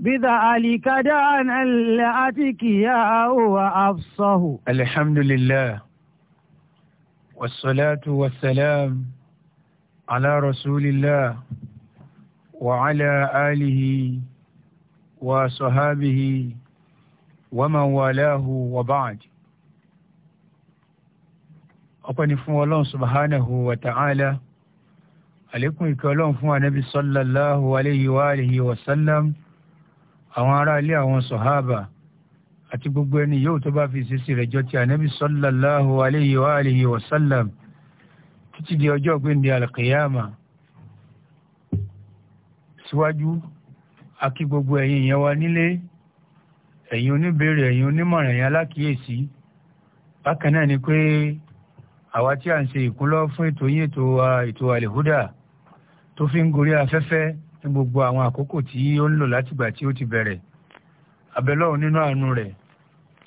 بذلك دعنا لأتك يا هو أفصه الحمد لله والصلاة والسلام على رسول الله وعلى آله وصحابه ومن والاه وبعد أقني فمولون سبحانه وتعالى عليكم الكلام فمع نبي صلى الله عليه وآله وسلم àwọn ará ilé àwọn sọ̀háàbà àti gbogbo ẹni yóò tó bá fi ṣèṣì rẹ̀ jọ ti ànábì sallallahu alayhi wa alihi wa sallam títí di ọjọ́ gbẹ̀ndẹ̀ alqiyama síwájú a kí gbogbo ẹ̀yin yẹn wá nílé ẹ̀yin oníbèrè ẹ̀yin onímọ̀ràn yẹn alákìyèsí bákan náà ni pé àwa tí a ń ṣe ìkúnlọ́ fún ètò yín ètò àlèhúdà tó fi ń gorí afẹ́fẹ́ ní gbogbo àwọn àkókò tí ó ń lò látìgbà tí ó ti bẹ̀rẹ̀ abẹ́lọ́run nínú àánú rẹ̀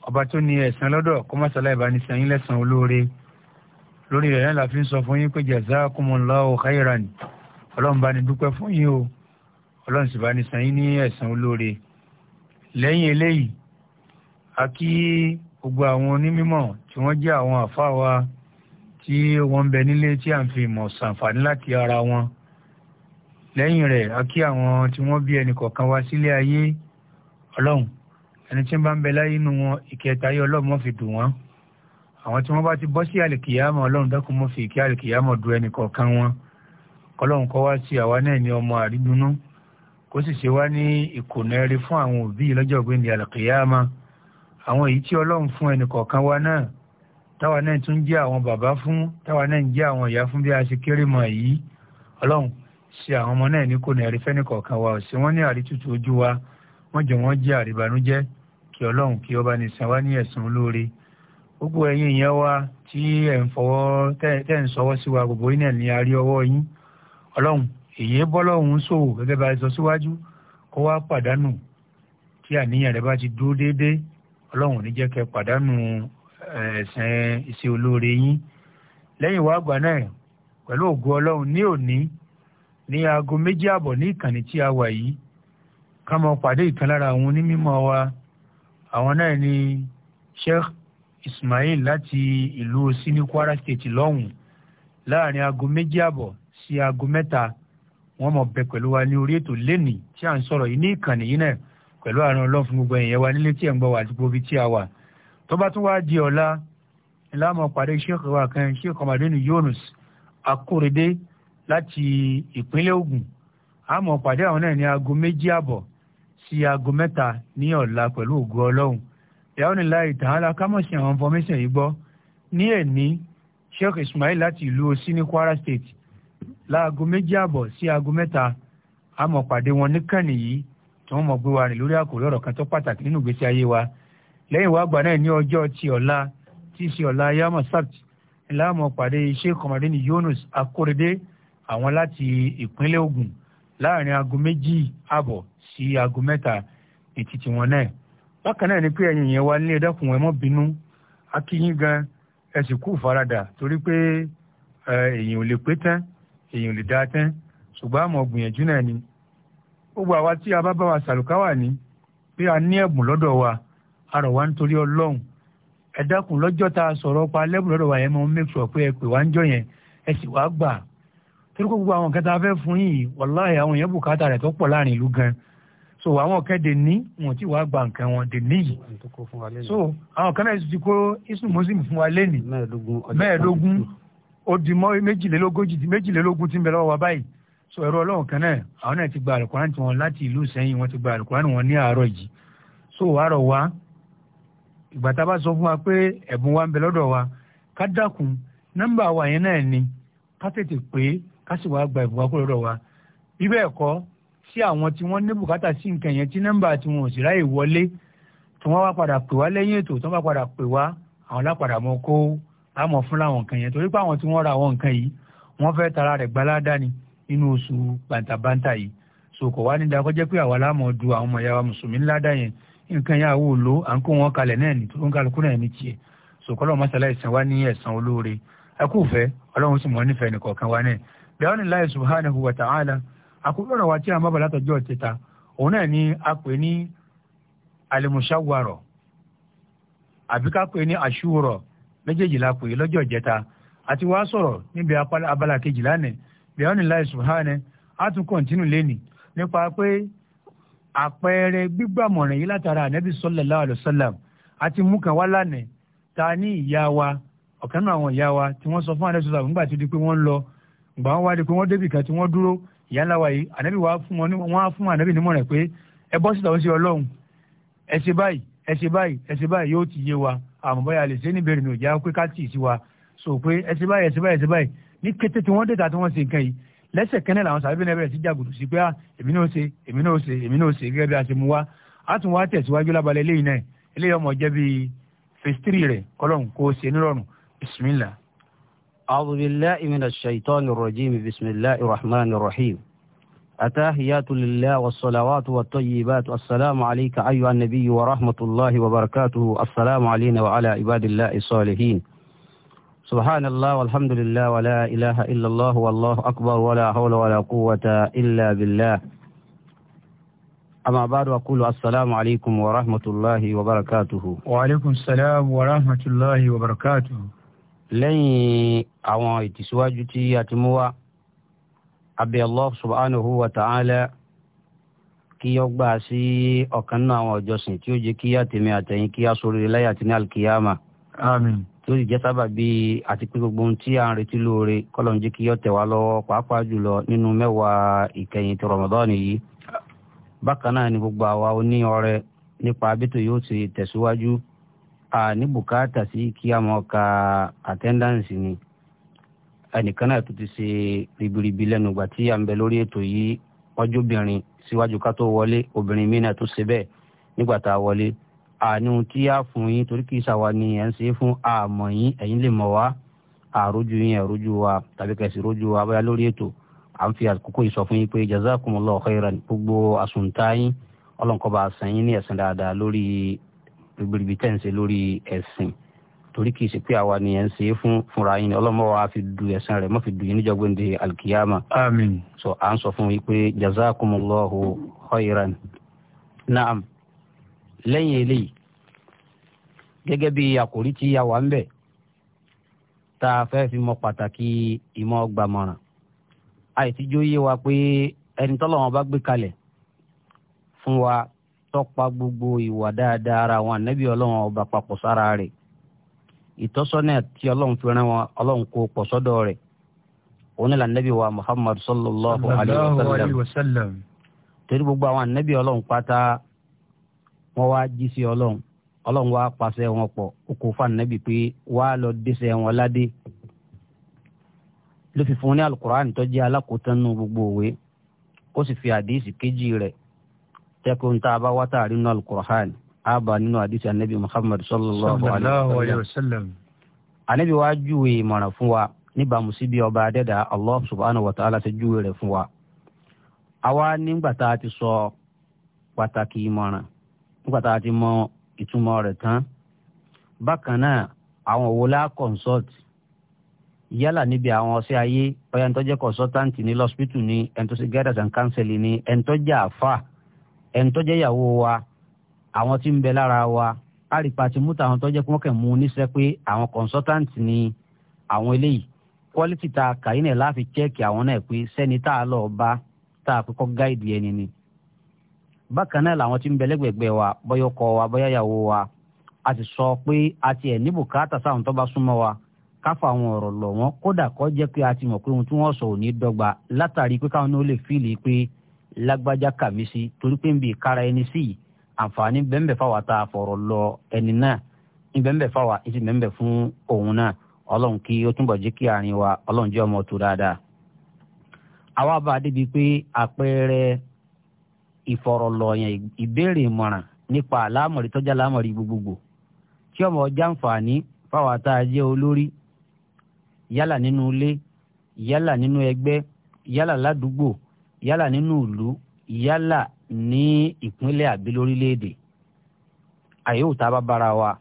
ọba tó ní ẹ̀san lọ́dọ̀ kọ́mọ́sálá ìbánisẹ̀ yín lẹ́san olóore lórí rẹ̀ náà la fi ń sọ fún yín pé jazakumullahu khairan ọlọ́run bá ní dúpẹ́ fún yín o ọlọ́run sì bá ní san yín ní ẹ̀san olóore lẹ́yìn eléyìí a kí gbogbo àwọn onímọ̀ tí wọ́n jẹ́ àwọn àfáà wa tí wọ́n ń bẹ nílé tí à ń fi ìmọ̀ ṣàǹfààní láti ara wọn lẹ́yìn rẹ̀ a kí àwọn tí wọ́n bí ẹnì kọ̀ọ̀kan wá sílé ayé ọlọ́run ẹni tí ń bá ń bẹ láyé inú wọn ìkẹta ayé ọlọ́run mọ́ fi dùn wọ́n àwọn tí wọ́n bá ti bọ́ sí àlìkìyàmọ̀ ọlọ́run dákun mọ́ fi ìkí àlìkìyàmọ̀ du ẹnì kọ̀ọ̀kan wọn kọ́lọ́run kọ́ wá sí àwa náà ní ọmọ àrídùnnú kó sì ṣe wá ní ìkùnà ẹrí fún àwọn òbí lọ́jọ́ ògbéǹde àlìkìyàmọ̀ ṣe àwọn ọmọ náà ní kò ní àrífẹ́ni kọ̀ọ̀kan wa ọ̀sẹ̀ wọn ní àrítútù ojú wa wọ́n jẹ́ wọ́n jẹ́ àríbànújẹ́ kí ọlọ́run kí ọba ní san wá ní ẹ̀sùn olóore gbogbo ẹ̀yin ìyẹn wa tí ẹ̀ ń fọwọ́ tẹ́ ń sọwọ́ sí wa gbogbo iná ní arí ọwọ́ yín ọlọ́run èyí bọ́lọ́run ṣòwò gẹ́gẹ́ bá a sọ síwájú kó wá pàdánù tí àníyàn rẹ bá ti dúró déédéé ọlọ́run ní jẹ́ pàdánù ẹ̀sìn iṣẹ́ olóore yín lẹ́yìn wá àgbà náà pẹ̀lú ògo ọlọ́run ní òní ní aago méjì àbọ̀ ní ìkànnì tí a wà yìí ká máa pàdé ìkan lára àwọn onímọ̀ wa àwọn náà ni Sheikh Ismail láti ìlú sini Kwara State lọ́hùn láàrin aago méjì àbọ̀ sí aago mẹ́ta wọ́n mọ̀ bẹ pẹ̀lú wa ní orí ètò lẹ́nìí tí à ń sọ̀rọ̀ yìí ní ìkànnì yìí náà pẹ̀lú àrùn ọlọ́run fún gbogbo ẹ̀yẹ wa nílé tí ẹ̀ ń gbọ́ wa àti gbogbo tí a wà tó bá tún wá di ọ̀la ńlá mọ̀ pàdé Sheikh wa kan Sheikh Ọmọdé Yunus Akórèdé láti ìpínlẹ̀ Ògùn àmọ́ pàdé àwọn náà ní aago méjì àbọ̀ sí aago mẹ́ta ní ọ̀la pẹ̀lú ògo Ọlọ́run ìyáwó ni láì tàn án la kámọ̀sí àwọn information yìí gbọ́ ní ẹ̀ní Sheikh Ismail láti ìlú Osí ní Kwara State láago méjì àbọ̀ sí aago mẹ́ta àmọ́ pàdé wọn níkànnì yìí tí wọ́n mọ̀ gbé wa rìn lórí àkòrí ọ̀rọ̀ kan tó pàtàkì nínú ìgbésí ayé wa lẹ́yìn wàá gbà náà ní ọjọ́ ti ọ̀la tí ṣe ọ̀la yamọ ńlá àmọ́ pàdé Sheikh Komadini Yunus Akorede àwọn láti ìpínlẹ̀ Ògùn láàrin aago méjì àbọ̀ sí aago mẹ́ta ní títí wọn náà bákan náà ni pé ẹ̀yin yẹn wá nílé ẹ̀dẹ́kùn ẹ mọ́ bínú a kí yín gan ẹ sì kú ìfaradà torí pé èèyàn ò lè pé tán èèyàn ò lè dá tán ṣùgbọ́n àmọ́ gbìyànjú náà ni gbogbo àwa tí a bá bá wa sàlùkáwà ní pé a ní ẹ̀bùn lọ́dọ̀ wa a rọ̀ wá nítorí Ọlọ́run ẹ dákun lọ́jọ́ tá a sọ̀rọ̀ pa lẹ́bùn lọ́dọ̀ wa yẹn mọ́ make sure pé ẹ pè wá ń jọ yẹn ẹ sì wá gbà torí kó gbogbo àwọn kẹta fẹ́ fún yìí wàláhì àwọn èèyàn bùkátà rẹ̀ tó pọ̀ láàrin ìlú gan so àwọn kẹ́dẹ̀ ní wọn tí wàá gba nǹkan wọn dè níyì so àwọn kan náà ti kó isu muslim fún wa lẹ́nì mẹ́ẹ̀ẹ́dógún ó di mọ́ méjìlélógójì méjìlélógún tí ń bẹ lọ́wọ́ wa báyìí so ẹ̀rọ ọlọ́run kan náà àwọn náà ti gba àlùkùránì tiwọn láti ìlú sẹ́yìn wọn ti gba àlùkùránì wọn ní àárọ̀ yìí so àárọ̀ wa ìgbà tá a bá sọ fún wa pé ẹ̀bùn wa ń bẹ lọ́dọ̀ wa ká dákun nọ́mbà wa yẹn náà ni ká tètè pé ká sì wáá gba ìbùkún kúrò lọ́wọ́ wa bíbẹ̀ ẹ̀kọ́ sí àwọn tí wọ́n ní bùkátà sí nǹkan yẹn tí nọ́mbà tí wọn ò sì ráyè wọlé tí wọ́n wá padà pè wá lẹ́yìn ètò tí wọ́n bá padà pè wá àwọn lápadà mọ kó àmọ̀ fún láwọn nǹkan yẹn torí pé àwọn tí wọ́n ra àwọn nǹkan yìí wọ́n fẹ́ tara rẹ̀ gbaládá ni nínú oṣù bàǹtàbàǹtà yìí so kò wá ní da kọjá pé àwa láàmú du àwọn ọmọ ìyá wa mùsùlùmí ńlá dá yẹn nǹkan yà wò ló à ń kó wọn kalẹ̀ náà ní tó ń kálukú náà ní tiẹ̀ so kọ́lọ́ mọ́sálá ìsìn wa ní ẹ̀sán olóore ẹ kú fẹ́ sì mọ́ nífẹ̀ẹ́ nìkọ̀ọ̀kan wa náà bẹ́ẹ̀ni láì subhanahu wa ta'ala àkókò wa tí a máa bá látọjọ́ tẹta òun náà ni a pè ní alimusawaro àbí ká pè ní asúrọ̀ méjèèjì la pè lọ́jọ́ ìjẹta àti wàá sọ̀rọ̀ níbi abala kejì lánàá bẹ́ẹ̀ni láì subhanahu a tún kọ̀ntínú lẹ́nì nípa pé àpẹẹrẹ gbígbàmọ̀ràn yìí látara ànábì sallallahu alaihi wasallam àti mú kan wá lánàá ta ní ìyá wa ọ̀kan náà àwọn ìyá wa tí wọ́n sọ fún àdéṣọ́sà nígbà tó di pé wọ́n ń lọ gbà wọn wá di pé wọn débi kan tí wọn dúró ìyáńlá wa yìí ànábì wa fún wọn wọn á fún ànábì nímọ̀ rẹ̀ pé ẹ bọ́ síta ó ṣe ọlọ́run ẹ ṣe báyìí ẹ ṣe báyìí ẹ ṣe báyìí yóò ti yé wa àmọ́ báyà lè ṣe é níbẹ̀rẹ̀ mi ò já pé ká tì í sí wa sọ pé ẹ ṣe báyìí ẹ ṣe báyìí ẹ ṣe báyìí ní kété tí wọ́n déta tí wọ́n ṣe nǹkan yìí lẹ́sẹ̀ kẹ́nẹ́ làwọn sàbẹ̀ náà bẹ̀rẹ̀ sí jàgùdù sí pé ah, èmi náà ṣe èmi náà ṣe èmi náà ṣe gẹ́gẹ́ bí a ṣe mú wa a tún wá tẹ̀síwájú lábalẹ̀ eléyìí náà eléyìí ọmọ jẹ́ bíi phase rẹ̀ kọ́lọ́n kó ṣe nírọ̀rùn bismillah. أعوذ بالله من الشيطان الرجيم بسم الله الرحمن الرحيم أتاهيات لله والصلوات والطيبات السلام عليك أيها النبي ورحمة الله وبركاته السلام علينا وعلى عباد الله الصالحين سبحان الله والحمد لله ولا إله إلا الله والله أكبر ولا حول ولا قوة إلا بالله أما بعد أقول السلام عليكم ورحمة الله وبركاته وعليكم السلام ورحمة الله وبركاته lẹ́yìn àwọn ìtìsíwájú tí a ti mú wá abẹ́ allah subhanahu wa ta'ala kí ó gbà sí ọ̀kan náà àwọn ọ̀jọ́sìn tí ó jẹ́ kí àtẹ̀mí àtẹ̀yìn kí a sọ̀rọ̀ láyé àti ní alkiyama. àmín. tí ó sì jẹ́ sábà bí àti pé gbogbo ohun tí a ń retí lóore kọ́lọ̀ ń jẹ́ kí ó tẹ̀ wá lọ́wọ́ pàápàá jùlọ nínú mẹ́wàá ìkẹyìn ti rọmọdọ́ọ̀nì yìí. bákan náà ni gbogbo àwa oní ọrẹ nípa abẹ́tò yóò ti tẹ̀síwájú a ní bùkátà sí kí a ka attendance ni ẹnìkan náà tó ti ṣe ribiribi lẹ́nu ìgbà tí à ń bẹ lórí ètò yìí ọjọ́bìnrin síwájú ká tó wọlé obìnrin mi náà tó ṣe bẹ́ẹ̀ nígbà tá a wọlé àní ohun a fún yín torí kì í ṣàwa ni ẹ̀ ń ṣe fún àmọ̀ yín ẹ̀yin lè mọ̀ wá àrójú yín ẹ̀rójú wa tàbí si rójú wa bóyá lórí ètò à ń fi àkókò yìí sọ fún yín pé jazakumullahu khairan gbogbo àsùntà yín ọlọ́nkọ́ba àṣà yín ní ẹ̀sìn dáadáa lórí gbogbo ibi tẹ́ ń ṣe lórí ẹ̀sìn torí kì í ṣe pé àwa ni ẹ̀ ń ṣe fún fúnra yín ọlọ́mọ wa fi du ẹ̀sán rẹ̀ mọ́ fi du yín níjọ́ gbòǹde alkiyama. àmín. sọ à ń sọ fún yín pé jazakumullahu khairan. naam lẹ́yìn eléyìí gẹ́gẹ́ bí àkòrí tí a wà ń bẹ̀ tá a fẹ́ fi mọ pàtàkì ìmọ̀ gbàmọ̀ràn àìtíjó yé wa pé ẹni tọ́lọ́wọ́n bá gbé kalẹ̀ fún wa tọ́pa gbogbo ìwà dáadáa ara àwọn ànábì ọlọ́run ọba papọ̀ sára rẹ̀ ìtọ́sọ́nà tí ọlọ́run fi rán wọn ọlọ́run kó pọ̀ sọ́dọ̀ rẹ̀ òun là ànábì wa muhammad sallallahu alayhi wa sallam torí gbogbo àwọn ànábì ọlọ́run pátá wọ́n wá jí sí ọlọ́run ọlọ́run wá pàṣẹ wọn pọ̀ okò fànàbì pé wá lọ dẹ́sẹ̀ wọn ládé ló fi fún ní alukur'an tó jẹ́ alákòótán nù gbogbo òwe ó sì fi àdéhìsì kejì rẹ̀ tẹ́kùn tá a bá wá tààrí nínú alukur'an a bá nínú àdìsí anabi muhammad sallallahu alayhi wa sallam. anabi wa júwe ìmọ̀ràn fún wa níbàámu síbi ọba adẹ́dà allah subhanahu wa ta'ala ti júwe rẹ̀ fún wa. àwa nígbà tá a ti sọ pàtàkì ìmọ̀ràn nígbà tá a ti mọ ìtumọ̀ rẹ̀ tán. bákan náà àwọn wo la consult yálà níbi àwọn ọsẹ ayé ọyà tó jẹ́ consultant ní lọ́sibítù ní ẹ̀ńtọ́sí guidance and counseling ní ẹ̀ńtọ́jà àfà ẹni tó jẹ́ ìyàwó wa àwọn tí ń bẹ lára wa àrípa ti mú tàwọn tó jẹ́ kí wọ́n kẹ̀ mú níṣẹ́ pé àwọn consultant ni àwọn eléyìí quality ta kàyín náà láfi chẹ́ẹ̀kì àwọn náà pé sẹ́ni tá a lọ bá tá a kọ́kọ́ gáìdì ẹni ni bákan náà làwọn tí ń bẹ lẹ́gbẹ̀gbẹ̀ wa bọ́yọ̀ kọ wa bọ́yọ̀ ìyàwó wa a ti sọ pé a ti ẹ̀ ní bùkátà sáwọn tó bá súnmọ́ wa káfọ àwọn ọ̀rọ̀ lọ̀ wọ́n kódà kọ́ jẹ́ pé a ti mọ̀ pé ohun tí wọ́n sọ ò lágbájá kàmí sí torí kara ń bi kára ẹni sí yìí àǹfààní bẹ́ẹ̀nbẹ́ fáwa tá a fọ̀rọ̀ lọ ẹni náà bẹ́ẹ̀nbẹ́ fáwa èsì fun fún na náà ki kí ó túnbọ̀ jẹ́ kí àárín wa ọlọ́run jẹ́ ọmọ tó a débi pé àpẹẹrẹ ìfọ̀rọ̀lọ́yàn ìbéèrè ìmọ̀ràn nípa àlámọ̀rí tọ́jà àlámọ̀rí gbogbogbò tí olórí yálà nínú ilé yálà nínú yálà ládùúgbò yálà nínú ìlú yálà ní ìpínlẹ̀ àbí lórílẹ̀‐èdè àyẹ̀wò tá a bá bára wa.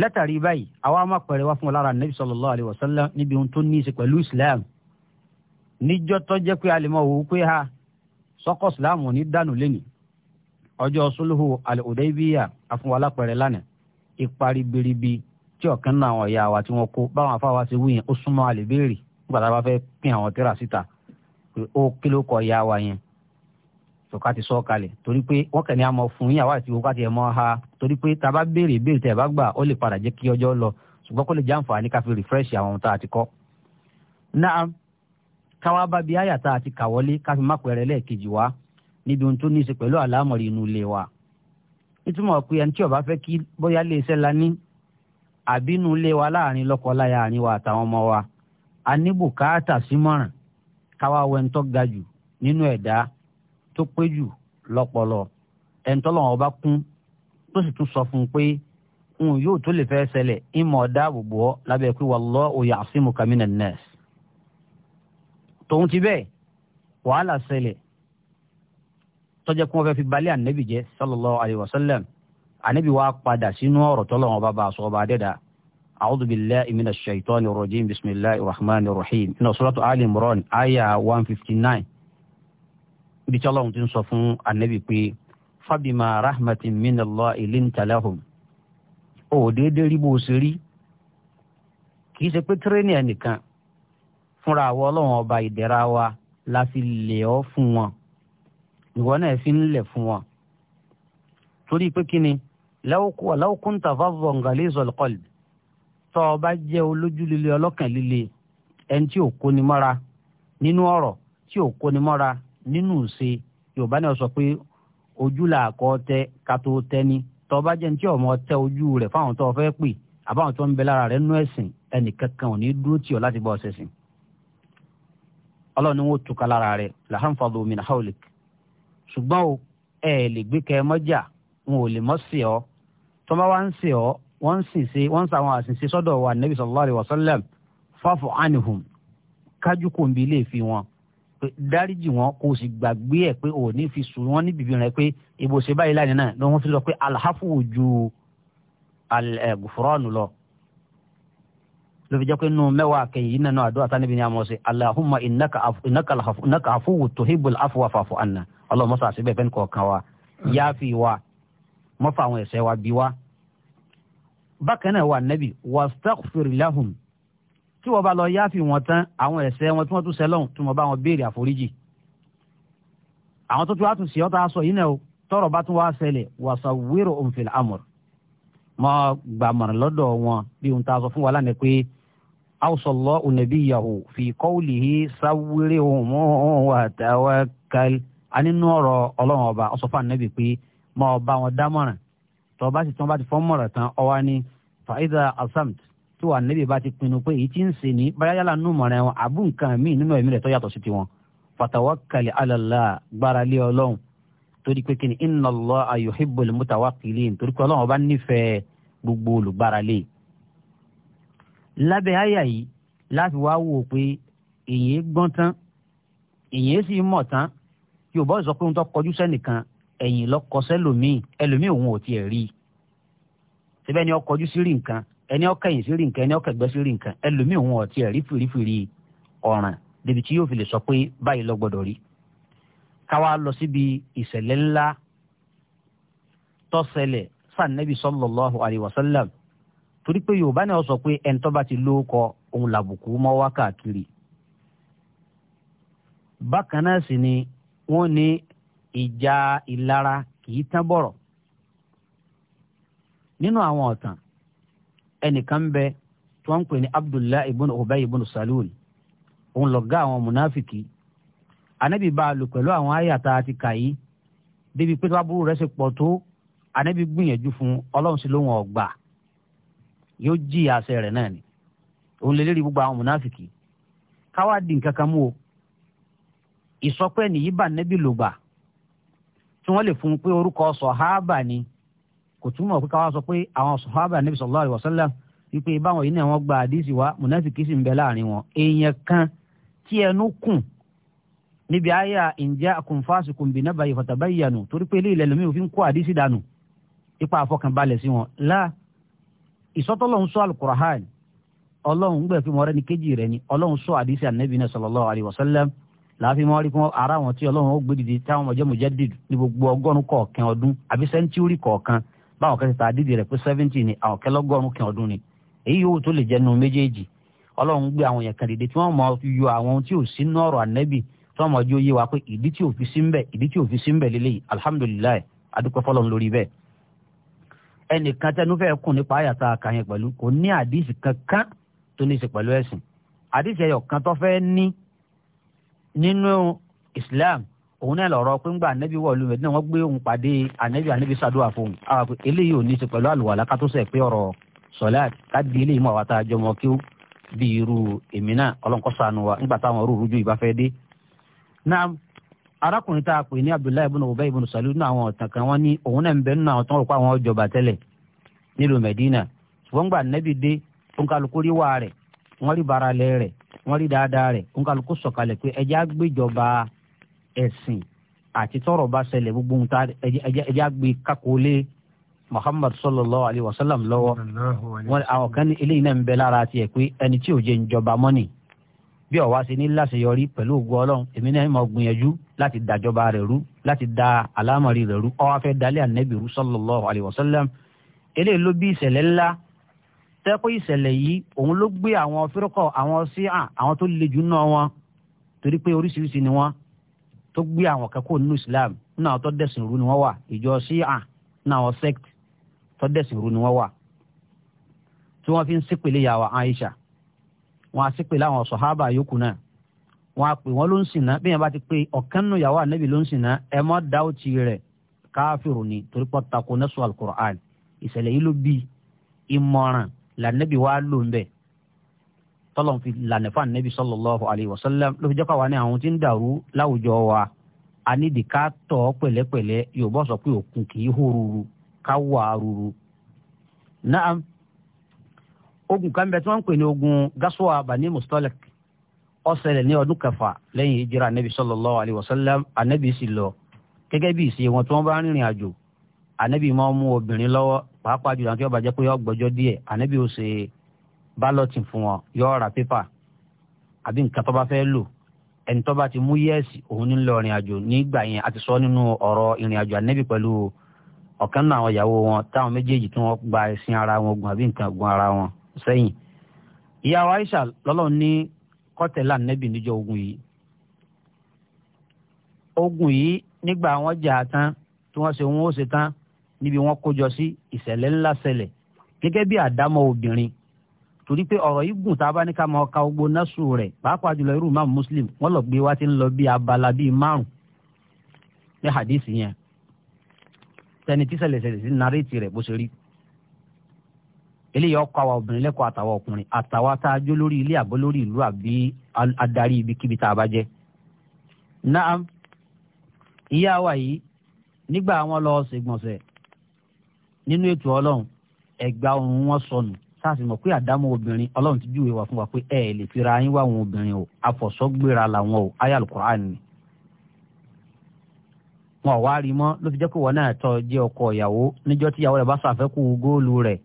látàrí báyìí àwa máa pẹ̀rẹ̀ wá fún wa lára nabi sallallahu níbi ohun tó ní í ṣe pẹ̀lú islam níjọ́ tó jẹ́ pé a máa ha sọ́kọ̀ islam ò ní dànù lẹ́nu ọjọ́ suluhu al-udaybiya afúnwalá pẹ̀rẹ̀ lánàá biribi tí ọ̀kan náà àwọn ìyá wa tí wọ́n kó báwọn afáwa pé ó kí ló kọ ìyá wa yẹn tó ká ti sọ kalẹ̀ torí pé wọ́n kàn ní àmọ́ fún yín àwa àti ìwọ ká ti ẹ̀ ha torí pé tá a bá béèrè béèrè tẹ̀ bá gbà ó lè padà jẹ́ kí ọjọ́ lọ ṣùgbọ́n kó lè jẹ́ àǹfààní ká fi refresh àwọn ohun tá a ti kọ́. náà káwá bá bi àyà tá a ti kà wọlé ká fi lẹ́ẹ̀kejì wá níbi ohun tó ní í ṣe pẹ̀lú àlámọ̀rí inú ilé wa. nítumọ̀ pé ẹni tí ó fẹ́ kí bóyá lè ṣẹ́ la ní àbínú ilé wa láàrin lọ́kọ láya àárín káwá wọ ẹni tó ga jù nínú ẹ̀dá tó pé jù lọ́pọlọ ẹni tó lọ́wọ́ bá kún tó sì tún sọ fún un pé òun yóò tó lè fẹ́ ṣẹlẹ̀ ìmọ̀ ọ̀dà àbùbọ̀ lábẹ́ pé wallahu ya'simuka minan nas tòun ti bẹ́ẹ̀ wàhálà ṣẹlẹ̀ tọ́jẹ́ kí wọ́n fẹ́ fi balẹ̀ ànábì jẹ́ sallallahu alayhi wa sallam ànábì wa padà sínú ọ̀rọ̀ tọ́lọ́wọ́n bá bá a sọ ọba adẹ́dàá أعوذ بالله من الشيطان الرجيم بسم الله الرحمن الرحيم إن سورة آل عمران آية 159 بيت الله تن صفون النبي بي فبما رحمة من الله لنت لهم ó déédéé rí bó o ṣe rí kì í ṣe pé tírénì ẹnìkan fúnra àwọn ọlọ́run ọba ìdẹ̀ra wa la fi lè ọ́ fún wọn ìwọ náà fi ń lẹ̀ fún wọn torí pé kí ni law kunta fazzan ghalizal qalbi tọ́ ọ bá jẹ́ olójú ọlọ́kàn líle ẹni tí ò kóni mọ́ra nínú ọ̀rọ̀ tí ò kóni mọ́ra nínú ìṣe yorùbá náà sọ pé ojú là kọ́ tẹ ká tó tẹ́ni tọ́ ọ bá jẹ́ ní tí ọmọ tẹ ojú rẹ̀ fáwọn tó fẹ́ pè àbáwọn tó ń bẹ lára rẹ̀ nú ẹ̀sìn ẹnìkankan ò ni wọ́n lára rẹ̀ ṣùgbọ́n o mọ́jà wọn ò lè mọ́ ọ tọ́ bá ọ wọ́n sì ṣe wọ́n sọ àwọn àṣìṣe sọ́dọ̀ wa nabi sallallahu alayhi wa sallam fáfọ anihum kájú kò ń bi ilé ìfi wọn dáríjì wọn kò sì gbàgbé ẹ pé ò ní fi sùn wọn ní bìbí rẹ pé ìbò ṣe báyìí láàyè náà ni wọn fi sọ pé alhafu ju alẹgùfúrọ́ọ̀nù lọ ló fi jẹ́ pé nù mẹ́wàá kẹyìn nínú àdúrà tani bí ní àmọ́ sí alahuma innaka afuwu tuhibul afuwa fàfọ àná ọlọ́mọ́sá àti fẹ́ni kọ̀ọ̀kan wa yááfi wa mọ́fà àwọn ẹ̀ṣẹ̀ wa bí wa bákan náà wà nẹ́bì wastaghfir lahum tí wọ́n bá lọ yááfì wọn tán àwọn ẹ̀ṣẹ̀ wọn tí wọ́n tún ṣẹ̀ lọ́hùn tí wọ́n bá wọn béèrè àforíjì àwọn tó tún wá tún sí ọ́ta aṣọ yìí náà o tọrọ bá tún wá ṣẹlẹ̀ wasawwirhum fil amr mọ́ gbàmọ̀ràn lọ́dọ̀ wọn bí ohun tá sọ fún wa lánàá pé awsalla nabiyahu fi qawlihi sawwirhum wa tawakkal anínú ọ̀rọ̀ ọlọ́run ọba ọ̀sọ̀fà nẹ́bì pé mọ́ ọba wọn dámọ̀ràn tọ́ba sì tán bá ti fọ́n mọ̀ràn tán ọwá ní fàídà asamt tí wà níbi bá ti pinnu pé èyí ti ń ṣe ní báyálà nù mọ̀ràn wọn àbú nǹkan míì nínú ẹ̀mí rẹ̀ tó yàtọ̀ sí tiwọn fatawakkal ala Allah gbára lé ọlọ́run torí pé kíni inna Allaha yuhibbul mutawakkilin torí pé ọlọ́run ọba nífẹ̀ẹ́ gbogbo olùgbára lé lábẹ́ àyà yìí láti wá wò pé èyí gbọ́n tán èyí sì mọ̀ tán yóò bọ́ sọ pé ń tọ́ kọjú sẹ́nìkan ẹ̀yìn lọ́kọsẹ́ lòmíì ẹlòmíì òun ò tiẹ̀ rí i síbẹ̀ ni ó kọjú sí rí nǹkan ẹni ó kẹ̀yìn sí rí nǹkan ẹni ó kẹ̀gbẹ́ sí rí nǹkan ẹlòmíì òun ò tiẹ̀ rí fìrífìrí ọ̀ràn débi tí yóò fi lè sọ pé báyìí lọ gbọ́dọ̀ rí káwa lọ síbi ìṣẹ̀lẹ̀ ńlá tó sànẹ́bí sallallahu alaihi wasallam torí pé yorùbá náà sọ pé ẹni tó bá ti lóko òun làbùkù mọ́ wákàkiri bákan náà sì ni wọ́n ní ìjà ìlara kì í tán bọ̀rọ̀ nínú àwọn ọ̀tàn ẹnìkan ń bẹ tí wọ́n ń pè ní abdullahi ibn ubay ibn salul òun lọ̀gá àwọn munafiki anabi bá a lò pẹ̀lú àwọn àyàtà àti kàyí débi pé tábúrú rẹ̀ ṣe pọ̀ tó anabi gbìyànjú fún ọlọ́run sí lóhùn ọ̀gbà yóò jí àṣẹ rẹ̀ náà ni òun lè lérí gbogbo àwọn munafiki káwá di nǹkan kan mú o ìsọpẹ́ nìyí bá nẹ́bí lògbà tí wọ́n lè fún un pé orúkọ sọ̀hábà ni kò túmọ̀ pé káwá sọ pé àwọn sọ̀hábà níbi sallallahu alaihi wasallam wípé báwọn yìí náà wọ́n gba àdísì wá mùnáfíkì sì ń bẹ láàrin wọn èèyàn kan tí ẹnu kùn níbi àyà ìjà àkùnfàṣìkùn bìnàbàyè fàtàbáyànù torí pé ilé ilẹ̀ lómi òfin kó àdísì dànù ipa àfọkànbalẹ̀ sí wọn láà ìsọtọlọhún sọ alukurahan láàfin mọ́ rí fún ara àwọn tí ọlọ́run ó gbé dìde táwọn ọmọ jẹ́ mujadid ní gbogbo ọgọ́rùn kọ̀ọ̀kan ọdún àbí sẹ́ńtúrì kọ̀ọ̀kan báwọn kan ta dídì rẹ̀ pé seventy ni àwọn kẹ́ lọ́gọ́rùn kan ọdún ni èyí yòówù tó lè jẹ́ nu méjèèjì ọlọ́run gbé àwọn yẹn kan dìde tí wọ́n mọ yọ àwọn tí ò sí nọ́ọ̀rọ̀ ànẹ́bì tí wọ́n mọ jó yé wa pé ìdí tí ò fi sí mbẹ̀ ìdí tí ò fi sí mbẹ̀ lélẹ́yìí alhamdulilayi adúpẹ́ nínú islam òun náà lọ̀rọ̀ pé ńgbà ànẹ́bí wọ̀ lóun ẹ̀dínà wọ́n gbé òun pàdé ànẹ́bí ànẹ́bí sàdúrà fún un eléyìí ò ní ti pẹ̀lú àlùwàlá ká tó sẹ̀ pé ọ̀rọ̀ sọ̀láàt ká di eléyìí mọ̀ àwa tá a jọmọ kí ó bí irú èmi náà ọlọ́nkọ́ sànù wa nígbà táwọn rúurú ju ìbá fẹ́ dé. náà arákùnrin tá a pè ní abdullahi ibùnà ubay ibùnà salul nínú àwọn ọ̀tàn kan wọ́n ní òun náà ń bẹ nínú àwọn tó ń pé àwọn jọba medina ṣùgbọ́n gbà ànẹ́bí dé fúnkálukú rí wà wọ́n rí dáadáa rẹ̀ kónkálukú sọ̀kalẹ̀ pé ẹjẹ́ àgbéjọba ẹ̀sìn àti tọrọ bá ṣẹlẹ̀ gbogbo ohun tá ẹjẹ́ àgbé kakole muhammad sallallahu alayhi wa sallam lọ́wọ́ wọn àwọn kan ní eléyìí náà ń bẹ lára tiẹ̀ pé ẹni tí ò jẹ́ ìjọba mọ́nì bí ọ̀wá ṣe ní láṣeyọrí pẹ̀lú ògùn ọlọ́run èmi náà mọ̀ gbìyànjú láti dàjọba rẹ̀ rú láti da àlámọ̀rí rẹ̀ rú ó fẹ́ dalẹ̀ ànẹ́bì rú sallallahu alayhi wa sallam eléyìí ló bí ìṣẹ̀lẹ̀ ńlá tẹ́kọ̀ ìṣẹ̀lẹ̀ yìí òun ló gbé àwọn fírọ́kọ̀ àwọn síà àwọn tó le jù nù wọn torí pé oríṣiríṣi ni wọn tó gbé àwọn kẹ́kọ̀ọ́ nínú Islam nínú àwọn tó dẹ̀sìn rú ni wọ́n wà ìjọ síà nínú àwọn sect tó dẹ̀sìn rú ni wọ́n wà tí wọ́n fi ń sípèlé yàwá Aisha wọ́n á sípèlé àwọn sọ̀hábà yòókù náà wọ́n á pè wọ́n ló ń sìn náà bí yẹn bá ti pé ọ̀kan nù yàwá ànábì ló ń sìn náà ẹ mọ́ dáwọ́tì rẹ̀ káfíìrù ni torí pọ́ tako nẹ́sùn alukur'an ìṣẹ̀lẹ̀ yìí ló bí ìmọ̀ràn lànàbí wa lò ń fi lànà fún ànàbí sallallahu alayhi ló fi jẹ́ káwa ní àwọn tí ń dàrú láwùjọ wa a ní di ká tọ́ pẹ̀lẹ́pẹ̀lẹ́ yóò bọ́ sọ pé òkun kì í ká wà ruru. náà ogun kan bẹ tí wọ́n ń ogun gasuwa bani ní ọdún kẹfà lọ gẹ́gẹ́ bí wọn tí pàápàá jùlọ àti ọba jẹ́ pé yọ gbọ́jọ́ díẹ̀ ànábì ó ṣe bálọ̀tì fún wọn yọ ra pépà àbí nǹkan tó bá fẹ́ lò ẹni tó bá ti mú yẹ́ẹ̀sì òun ní lọ ìrìn àjò nígbà yẹn àti sọ nínú ọ̀rọ̀ ìrìn àjò ànábì pẹ̀lú ọ̀kan náà àwọn ìyàwó wọn táwọn méjèèjì tí wọ́n gba ẹ̀sìn ara wọn ogun àbí nǹkan ogun ara wọn sẹ́yìn ìyàwó Aisha lọ́lọ́run ní kọ́tẹ́lá ànábì níjọ́ ogun yìí ogun yìí nígbà wọn jà tán tí wọ́n ṣe wọn ó ṣe tán níbi wọ́n kójọ sí ìṣẹ̀lẹ̀ ńlá ṣẹlẹ̀ gẹ́gẹ́ bí àdámọ́ obìnrin torí pé ọ̀rọ̀ yìí gùn tá a bá ní ká máa ka ogbó násù rẹ̀ pàápàá jùlọ irú imam muslim wọ́n lọ gbé wá ti ń lọ bí abala bíi márùn ní hadith yẹn tẹni tí ṣẹlẹ̀ ṣẹlẹ̀ sí nàrétì rẹ̀ bó ṣe rí eléyìí ọkọ àwa obìnrin lẹ́kọ̀ọ́ àtàwa ọkùnrin àtàwa tá a jó lórí ilé àbó lórí ìlú àbí adarí ibikíbi tá a bá jẹ́ naam ìyá wa yìí nígbà wọn lọ ṣègbọ̀nsẹ̀ nínú ètò ọlọ́run ẹ̀gbà ọrùn wọn sọnù sáàsì mọ̀ pé àdámọ̀ obìnrin ọlọ́run ti júwe wá fún wa pé ẹ ẹ̀ lè fira yín wá àwọn obìnrin o àfọ̀sọ́gbéra làwọn o àyá Al-Kùránì ni. wọn ò wá rí mọ́ ló fi jẹ́ pé wọn náà tọ́ jẹ́ ọkọ ìyàwó níjọ́ tí ìyàwó rẹ̀ bá ṣàfẹ́kù góòlù rẹ̀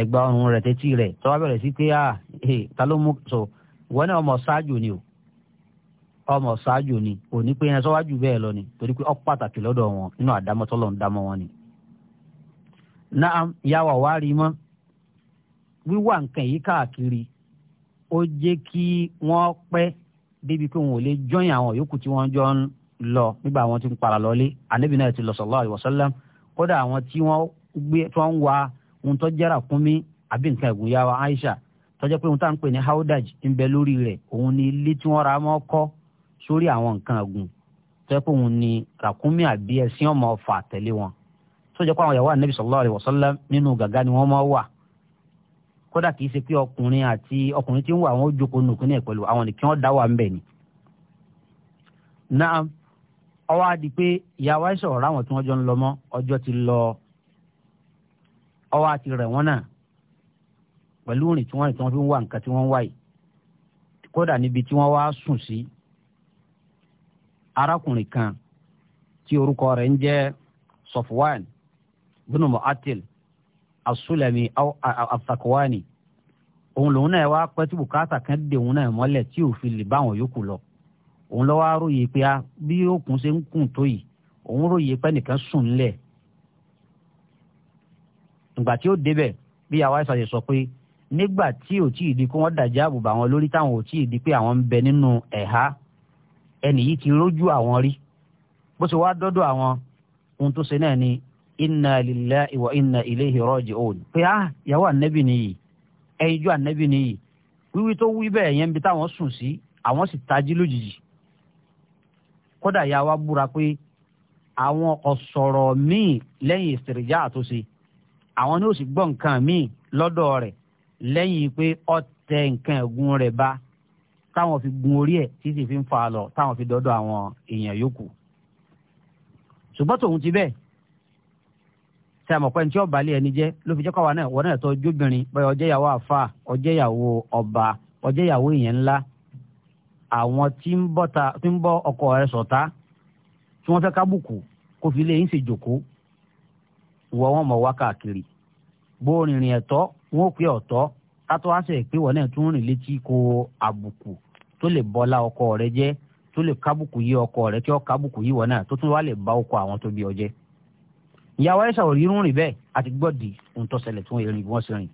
ẹ̀gbà ọrùn rẹ̀ tẹ́tí rẹ̀ tó wá bẹ̀rẹ̀ sí pé à ah, ẹ̀ eh, ta ló mú so wọn náà ọmọ ṣáájú ni o ọmọ ṣáájú ni òní pé yẹn sọ́wájú bẹ́ẹ̀ lọ ni torí pé ó pàtàkì lọ́dọ̀ wọn nínú àdámọ́tọ́lọ́ naam yàwá wá rí mọ́ wíwá nǹkan yìí káàkiri ó jẹ́ kí wọ́n pẹ́ débi pé wọn ò lè jọyìn àwọn yòókù tí wọ́n jọ ń lọ nígbà àwọn tí ń para lọlé ànábì náà ti lọ sallallahu alaihi wasallam kódà àwọn tí wọ́n gbé tí wọ́n ń wa ohun tó jẹ́ra kún mi àbí nǹkan ẹ̀gùn yàwá Aisha tó jẹ́ pé ohun tá à ń pè ní haudaj ń bẹ lórí rẹ̀ òun ni ilé tí wọ́n ra mọ́ kọ́ sórí àwọn nǹkan ẹ̀gùn tó jẹ́ pé òun ni ràkúnmí àbí ẹṣin ọmọ ọ̀fà tẹ̀lé wọn tó jẹ́ pé àwọn ìyàwó ànábì sallallahu alaihi wasallam nínú gàgá ni wọ́n máa wà kódà kìí ṣe pé ọkùnrin àti ọkùnrin tí ń wà àwọn ojókòó nùkún ní ẹ̀pẹ̀lú àwọn nìkan ọ̀dá wà ń bẹ̀ ni. náà ọwọ́ adi pé ìyàwó àìsàn ọ̀rọ̀ àwọn tí wọ́n jọ ń lọ mọ́ ọjọ́ ti lọ ọwọ́ àti rẹ̀ wọ́n náà pẹ̀lú ìrìn tí wọ́n rìn tí wọ́n fi ń wá nǹkan tí wọ́n ń yìí kódà níbi tí wọ́n wá sùn sí arákùnrin kan tí orúkọ rẹ̀ ń jẹ́ Sofwan bínú mu'atil asulami afakwani òun lòun náà wá pẹ́ tí bùkátà kan dé òun náà mọ́lẹ̀ tí òfin lè bá àwọn yòókù lọ òun lọ́wọ́ aróye pé a ah, bí òkun ṣe ń kùn tó yìí òun róye pé nìkan sùn ńlẹ̀ ìgbà tí ó débẹ̀ bí àwa ìsàlẹ̀ sọ pé nígbà tí ò tíì di kó wọ́n dàjà àbùbà àwọn lórí táwọn ò tíì di pé àwọn ń bẹ nínú ẹ̀há ẹnì ti rójú àwọn rí bó ṣe wá dọ́dọ̀ àwọn ohun tó ṣe náà ni inna lillahi wa inna ilayhi raji'un pé ah yàwó ànábì nìyí ẹyinjú ànábì nìyí wíwí tó wí bẹ́ẹ̀ yẹn bí táwọn sùn sí àwọn sì tají lójijì kódà yà wá búra pé àwọn ọ̀sọ̀rọ̀ míì lẹ́yìn ìsìrìjà àtúnṣe àwọn ni ó sì gbọ́ nǹkan míì lọ́dọ̀ rẹ̀ lẹ́yìn pé ó tẹ nǹkan ẹ̀gún rẹ̀ bá táwọn fi gun orí ẹ̀ títí fi ń fa lọ táwọn fi dọ́dọ̀ àwọn èèyàn yòókù ṣùgbọ́n tòun ti bẹ́ẹ̀ ṣe àmọ̀pẹ́ ní tí ọba lé ẹni jẹ́ ló fi jẹ́ kọ́wa náà wọ́n náà tọ́ jóbìnrin bẹ́ẹ̀ ọjẹ́yàwó àfa ọjẹ́yàwó ọba ọjẹ́yàwó ìyẹn ńlá àwọn tí ń bọ́ ọkọ rẹ sọ̀tá tí wọ́n fẹ́ kábùkù kó fi lè ń ṣe jòkó wọ wọn mọ̀ wá káàkiri gbóòrìnrìn ẹ̀tọ́ wọn ò pé ọ̀tọ́ kátó wá sẹ̀ pé wọ́n náà tún rìn létí ko àbùkù tó lè bọ́lá ọkọ rẹ jẹ́ tó lè kábùkù yí ọkọ rẹ kí ọ kábùkù yí wọn tó tún wá lè bá ọkọ àwọn tó bí ọ ìyàwó ẹ̀ṣà ò rí rúnrìn bẹ́ẹ̀ àti gbọ́dì ohun tó ṣẹlẹ̀ tí wọ́n rìn bí wọ́n ṣe rìn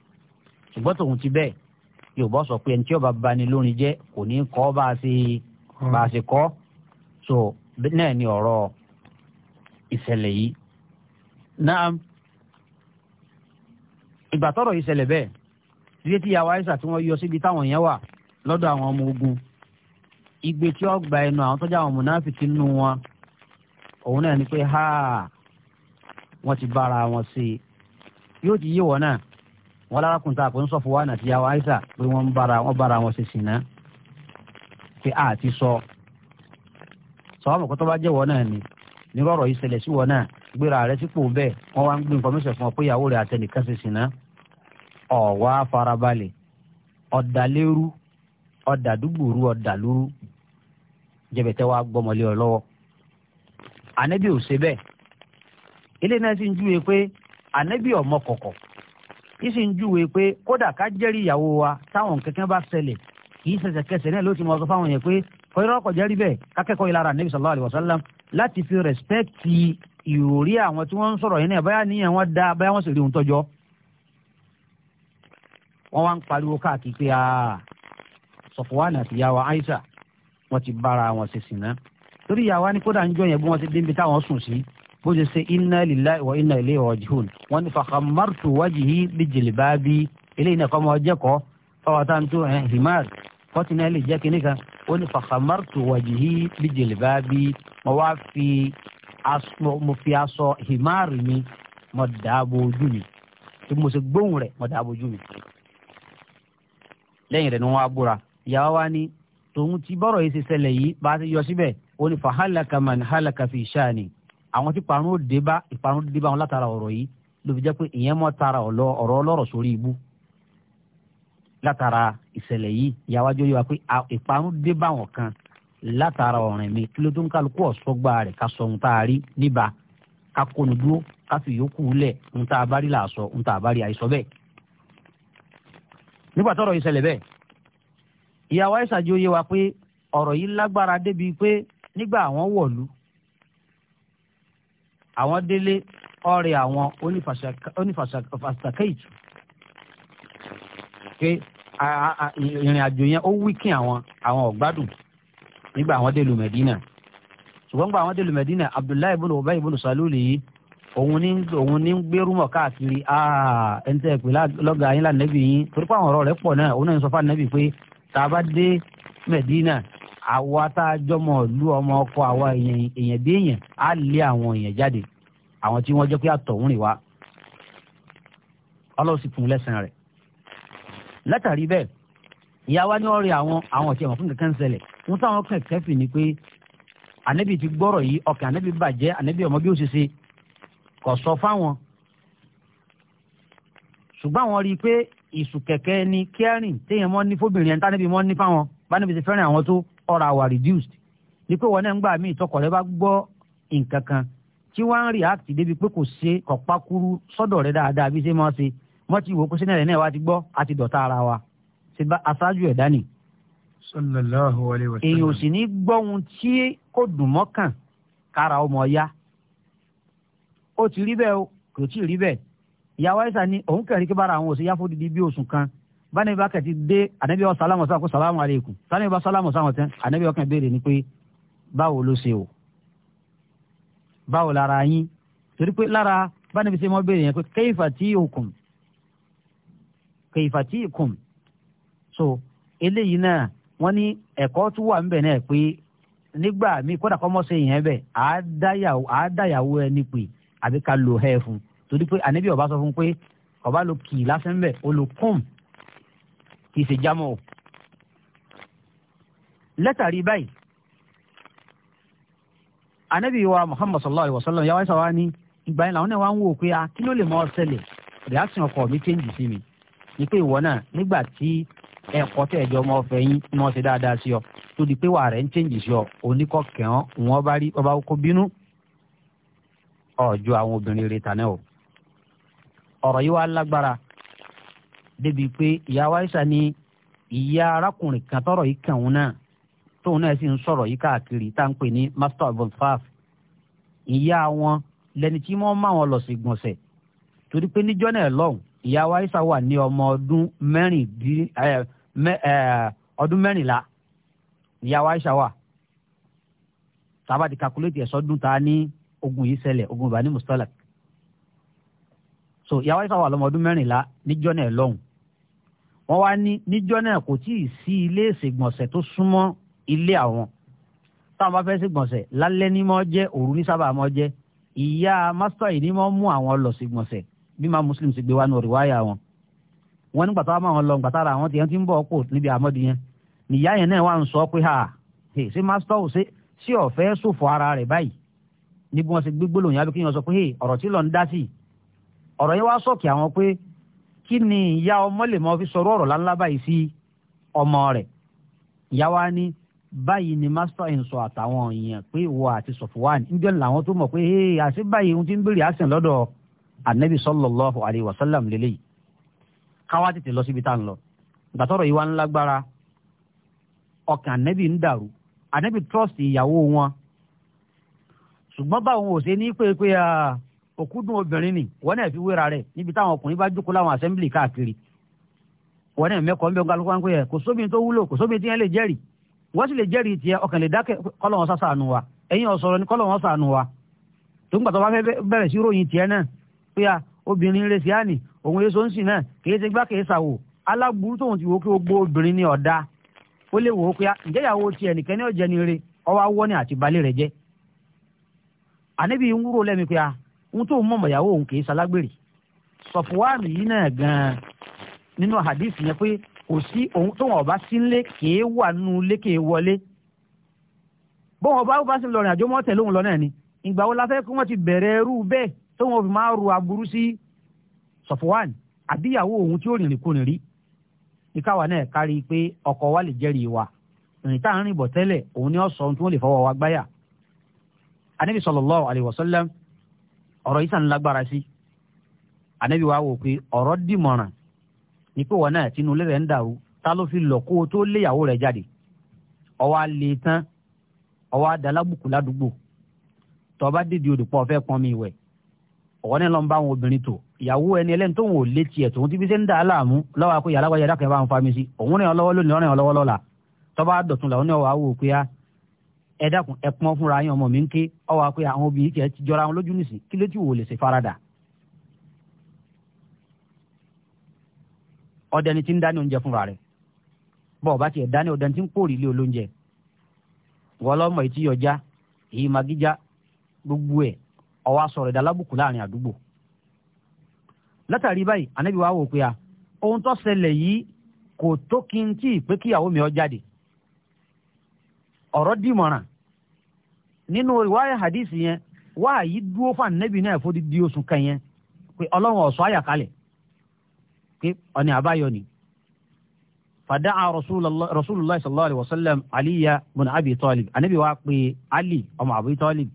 ṣùgbọ́n tòun ti bẹ́ẹ̀ yorùbá sọ pé ẹni tí ọba bani lórin jẹ́ kò ní kọ́ bá a ṣe bá a ṣe kọ́ so náà ni ọ̀rọ̀ ìṣẹ̀lẹ̀ yìí náà ìgbà tọ́rọ̀ ìṣẹ̀lẹ̀ bẹ́ẹ̀ ilé tí ìyàwó ẹ̀ṣà tí wọ́n yọ síbi táwọn yẹn wà lọ́dọ̀ àwọn ọmọ ogun igbe tí ó ẹnu àwọn tọ́jà àwọn mùnáfíkì nínú wọn òun náà ni pé háà wọ́n ti bára wọn sí i yóò ti yé wọn náà wọn lára kun ta àpò nsọfọ wa nàti yàwó àyíṣà pé wọn bára wọn bára wọn ṣe sìnà pé a ti sọ sọ wọn kọtọ bá jẹ wọn náà ni nírọ̀rọ̀ yìí ṣẹlẹ̀ sí wọn náà gbéra rẹ sípò bẹ́ẹ̀ wọn wá ń gbé information fún ọ pé ìyàwó rẹ àtẹnìkan ṣe sìnà ọ̀wá farabalẹ̀ ọ̀dàlérú ọ̀dàdúgbòrú ọ̀dàlúrú jẹ̀bẹ̀tẹ̀ wa gbọ́mọlé ọ lọ́wọ́ ànẹ́bí ò ṣe bẹ́ẹ̀ eléyìí náà sì ń júwe pé ànábì ọmọ kọ̀kọ̀ yìí sì ń júwe pé kódà ká jẹ́rìí ìyàwó wa táwọn kẹ̀kẹ́ bá ṣẹlẹ̀ kì í ṣẹ̀ṣẹ̀ kẹsẹ̀ náà ló ti mọ̀ ọ́ sọ fáwọn yẹn pé fọyọ́rọ́ kọjá bẹ́ẹ̀ kákẹ́kọ̀ọ́ yìí lára ànábì sallallahu alaihi wasallam láti fi rẹ̀spẹ́kì ìròrí àwọn tí wọ́n ń sọ̀rọ̀ yẹn náà báyà níyàn wọn dáa báyà wọ́n sì rí ohun tọ́jọ́ wọ́n wá ń pariwo káàkiri pé Sọfwan àti ìyá wa Aisha wọ́n wa ní bó ṣe ṣe inna lillahi wa inna ilayhi raji'un wọ́n ní fakhammartu wajhi bi jilbabi eléyìí náà kọ́mọ ọjẹ́kọ́ fáwọn tá à ń tó ẹ̀ eh, himar kọ́tìnà lè jẹ́ kínní kan ó ní fakhammartu wajhi bi jilbabi mo wá fi aṣọ mo fi aṣọ himar mi mo dààbò ojú mi tí mo ṣe gbóhùn rẹ̀ mo dààbò ojú mi lẹ́yìn rẹ̀ ni wọ́n á búra ìyàwó wa ní tòun ti bọ́rọ̀ yìí ṣe ṣẹlẹ̀ yìí bá a ti yọ síbẹ̀ ó ní fahalaka man halaka fi shani àwọn tí parun ó dé bá ìparun dé bá wọn látara ọ̀rọ̀ yìí ló fi jẹ́ pé ìyẹn mọ́ tara ọ̀rọ̀ ọlọ́rọ̀ sórí ibú látara ìṣẹ̀lẹ̀ yìí ìyáwájú yìí wá pé ìparun dé bá wọn kan látara ọ̀rìn mi kí ló tó ń kálukú ọ̀sọ́gbà rẹ̀ ká sọ ohun tá a rí níbà ká kóni dúró ká fi yòókù lẹ̀ ohun tá a bá rí là ohun tá a bá rí àìsọ bẹ́ẹ̀. nígbà tọ́rọ̀ yìí ṣẹlẹ̀ bẹ́ẹ̀ ìyàwó àìsàjò yé wa pé ọ̀rọ̀ yìí lágbára débi pé nígbà àwọn wọ̀lú àwọn délé ọ̀rẹ́ àwọn onífàṣàkéjì pé ìrìn àjò yẹn ó wíkìn àwọn àwọn ọ̀gbádùn nígbà àwọn délùú mẹ̀dínà ṣùgbọ́n nígbà àwọn délùú mẹ̀dínà abdullahi ibùdó ọba ibùdó salúlì yìí òun ní òun ní gbérúmọ̀ káàkiri ẹni tẹ́ ẹ pé lọ́gà yín lánàbì yín torí pé àwọn ọ̀rọ̀ rẹ̀ pọ̀ náà òun náà sọ fún ànàbì pé tá a bá dé mẹ̀dínà àwa tá a jọmọ ìlú ọmọ ọkọ àwa èèyàn bí èèyàn á lé àwọn èèyàn jáde àwọn tí wọ́n jẹ́ pé àtọ̀hún rìn wá ọlọ́run sì fún un lẹ́sàn-án rẹ̀ látàrí bẹ́ẹ̀ ìyáwá ní ọ̀rẹ́ àwọn àwọn ọ̀tí ẹ̀wọ̀n fún kẹ̀kẹ́ ń ṣẹlẹ̀ táwọn kẹ̀kẹ́ fì ní pé ànábì ti gbọ́rọ̀ yìí ọkàn ànábì bàjẹ́ ànábì ọmọ bí ó ṣe ṣe kò sọ fáwọn ṣùgbọ́n àwọn rí i pé ìsù kẹ̀kẹ́ ni kẹ́rìn téèyàn mọ́ ní fóbìnrin ẹni tánábì mọ́ ní fáwọn bánábì ti fẹ́ràn àwọn tó ọ̀rọ̀ àwà reduced ni pé wọn náà ń gbà mí ìtọkọ̀ rẹ bá gbọ́ nǹkan kan tí wọ́n ń react débi pé kò ṣe kọ̀pákúrú sọ́dọ̀ rẹ dáadáa bí ṣe máa ṣe wọ́n ti wò ó pé sínú ẹ̀rẹ̀ náà wá ti gbọ́ àti dọ̀tá ara wa ṣe bá aṣáájú ẹ̀dá nì. sallallahu alaihi wasallam. èèyàn ò sì ní gbọ́ ohun tí kò dùn mọ́kàn kára ọmọ ya ó ti rí bẹ́ẹ̀ kò tí ì rí bẹ́ẹ̀ ìyàwó àìsàn ni òun kẹrin kí bára àwọn òṣèyá fódìdí bí oṣù kan báni bá kẹ̀ ti dé ànábì wa sálámù sáà kó sálámù aleykum sáni bá sálámù sáà tán ànábì wa kàn béèrè ni pé báwo ló ṣe o báwo lára yín torí pé lára báni bí ṣe mọ́ béèrè yẹn pé kayfa tiikum kayfa tiikum so eléyìí náà wọ́n ní ẹ̀kọ́ tún wà níbẹ̀ náà pé nígbà míì kódà kọ́mọ́sẹ̀ yẹn bẹ̀ àádáyàwó ẹ ní pé àbí ká lo hẹ́ẹ̀ fún torí pé ànábì ọba sọ fún pé ọba lo kì í lásán bẹ̀ ó kì í ṣe jámọ́ o. látàrí báyìí anabi wa muhammad sallallahu alaihi wa sallam yàrá sábà ní ìgbà yẹn làwọn náà wá ń wò pé a ah, kí ló lè mọ ọsẹlẹ̀ reaction ọkọ mi change sí mi ni pé ìwọ náà nígbà tí ẹ̀kọ́ tẹ̀ ẹ̀jọ́ ọmọ ọ̀fẹ́ yín ni wọ́n ṣe dáadáa sí ọ tó di pé wà rẹ̀ ń change sí ọ oníkọ̀kẹ́hán wọn bá rí ọba kó bínú ọjọ́ àwọn obìnrin rẹ̀ tàn náà o yìí wá lágbára débi pé ìyàwó àyíṣà ni ìyá arákùnrin kan tọrọ yìí kàn òun náà tóun náà sì ń sọ̀rọ̀ yìí káàkiri tá à ń pè ní master of faf ìyá wọn lẹni tí wọ́n máa wọn lọ sí gbọ̀nsẹ̀ torí pé níjọ́ náà lọ́hùn ìyàwó àyíṣà wà ní ọmọ ọdún mẹ́rìndín ọdún mẹ́rìnlá ìyàwó àyíṣà wà tába di kakuléètì ẹ̀sọ́dún ta ní ogun yìí ṣẹlẹ̀ ogun ìbá ní so ìyàwó àyíṣà wà lọ́mọ ọdún mẹ́rìnlá níjọ́ náà lọ́hùn wọ́n wá ní níjọ́ náà kò tí ì sí ilé ìṣègbọ̀nsẹ̀ tó súnmọ́ ilé àwọn táwọn bá fẹ́ ṣègbọ̀nsẹ̀ lálẹ́ ní mọ́ jẹ́ òru ní sábà mọ́ jẹ́ ìyá másítọ̀ yìí ní mọ́ mú àwọn lọ ṣègbọ̀nsẹ̀ bí máa muslim ṣe gbé wá ní òrìwáyà wọn wọn nígbà táwọn máa lọ nígbà tára àwọn tiẹ̀ ti ń bọ̀ kó níbi àmọ́dé yẹn nìyá yẹn náà wà ń sọ pé ha ṣé másítọ̀ ò ṣe sí ọ̀fẹ́ ṣòfò ara rẹ̀ báyìí níbi wọn ṣe gbégbólóhùn yàrá sọ pé ọ̀rọ̀ tí lọ ń dá sí ọ̀rọ̀ yẹn wá sọ̀kì àwọn pé kí ni ìyá ọmọ lè mọ fi sọ̀rọ̀ ọ̀rọ̀ láńlá báyìí sí ọmọ rẹ̀ ìyá wa ní báyìí ni master in sọ àtàwọn èèyàn pé ìwọ àti sọfúwàn níjọ́ làwọn tó mọ̀ pé ee àṣẹ báyìí ohun tí ń béèrè àṣẹ lọ́dọ̀ anabi sallallahu alayhi wa sallam lélẹ́yìí káwá tètè lọ síbi tá à ń lọ gbàtọ́rọ̀ yìí wá ń lágbára ọkàn anabi ń dàrú anabi trust ìyàwó wọn ṣùgbọ́n báwọn ṣe ní pé pé òkúdùn obìnrin ni wọn náà fi wéra rẹ níbi táwọn ọkùnrin bá jókòó láwọn assembly káàkiri wọn náà mẹ́kọ̀ọ́ ń bẹ ọ̀gá lóko yẹ kò sómi tó wúlò kò sómi tí lè jẹri wọ́n sì lè jẹri tiẹ̀ ọkàn lè dákẹ́ kọ́lọ́wọ́n sàṣàánú wa ẹ̀yin ọ̀sọ̀rọ̀ ni wa tó ń gbàtọ́ bá fẹ́ bẹ̀rẹ̀ sí ròyìn tiẹ̀ náà a obìnrin rẹ̀ sí àní òun èso ń sìn náà kì í ṣe gbá kì í ṣàwò aláburú tóun ti wò ó pé ó gbó obìnrin ní ọ̀dà ó lè wò ó ni ohun tó ń mọ̀mọ̀ ìyàwó òun kìí ṣalágbèrè sọ̀fùwárì yìí náà gan-an nínú hadith yẹn pé kò sí ohun tó wọn ọba sí ńlé kìí wà nínú ilé kìí wọlé bọ́n ọba ó bá sì lọ rìn àjò mọ́tẹ̀ lóhùn lọ náà ni ìgbà wo la fẹ́ kí wọ́n ti bẹ̀rẹ̀ ẹrú bẹ́ẹ̀ tó wọn fi máa ru aburú sí sọ̀fùwárì àbíyàwó òun tí ó rìnrìn kò rìnrìn ìkáwà náà kárí pé ọkọ wa lè jẹ́rìí wa ìrìn tá ń rìn bọ̀ tẹ́lẹ̀ òun ni ó tí wọ́n lè fọwọ́ wa gbáyà. anabi sallallahu alaihi wasallam ọ̀rọ̀ yìí sàn lágbára sí ànábì wa wò pé ọ̀rọ̀ dìmọ̀ràn ní pé wọn náà tinú lẹ́rẹ̀ ń dàrú ta ló fi lọ̀ kó o tó léyàwó rẹ̀ jáde ọwọ́ á lè tán ọwọ́ á dalábùkù ládùúgbò tọba dìde odò pọ̀ fẹ́ pọn mi wẹ̀ ọ̀wọ́ ní lọ́n bá àwọn obìnrin tò ìyàwó ẹni ẹlẹ́ni tó ń wò létí ẹ̀ tòun ti fi ṣe ń dà á láàmú lọ́wọ́ akó yàrá wáyà ń fa mi sí òun rìn ọ lónìí ọ ẹ dákun ẹ pọn fúnra yín ọmọ mi ń ké ọwọ àpè àwọn obìnrin tiẹ ti jọra wọn lójú nìsín kí ti wò lè ṣe farada. ọdẹ ni ti ń dání oúnjẹ fúnra rẹ̀ bọ́ọ̀ ọba dání ọdẹ ti ń pòrí ilé olóúnjẹ wọ́n lọ́mọ ìtí yọjá èyí magíjá gbogbo ẹ ìdálábùkù láàrin àdúgbò. látàrí báyìí wò pé a ohun tó ṣẹlẹ̀ yìí kò tó kí n tí ì pé kíyàwó mi ọ nínú ìwáyà hadith yẹn wáàyí dúró fún ànábì náà fún di oṣù kan yẹn pé ọlọ́run ọ̀sọ́ àyàkálẹ̀ pé ọ̀nì àbáyọ ni fàdá àwọn rasulullah sallallahu alayhi wa sallam aliya mun abi talib ànábì wa pé ali ọmọ abi talib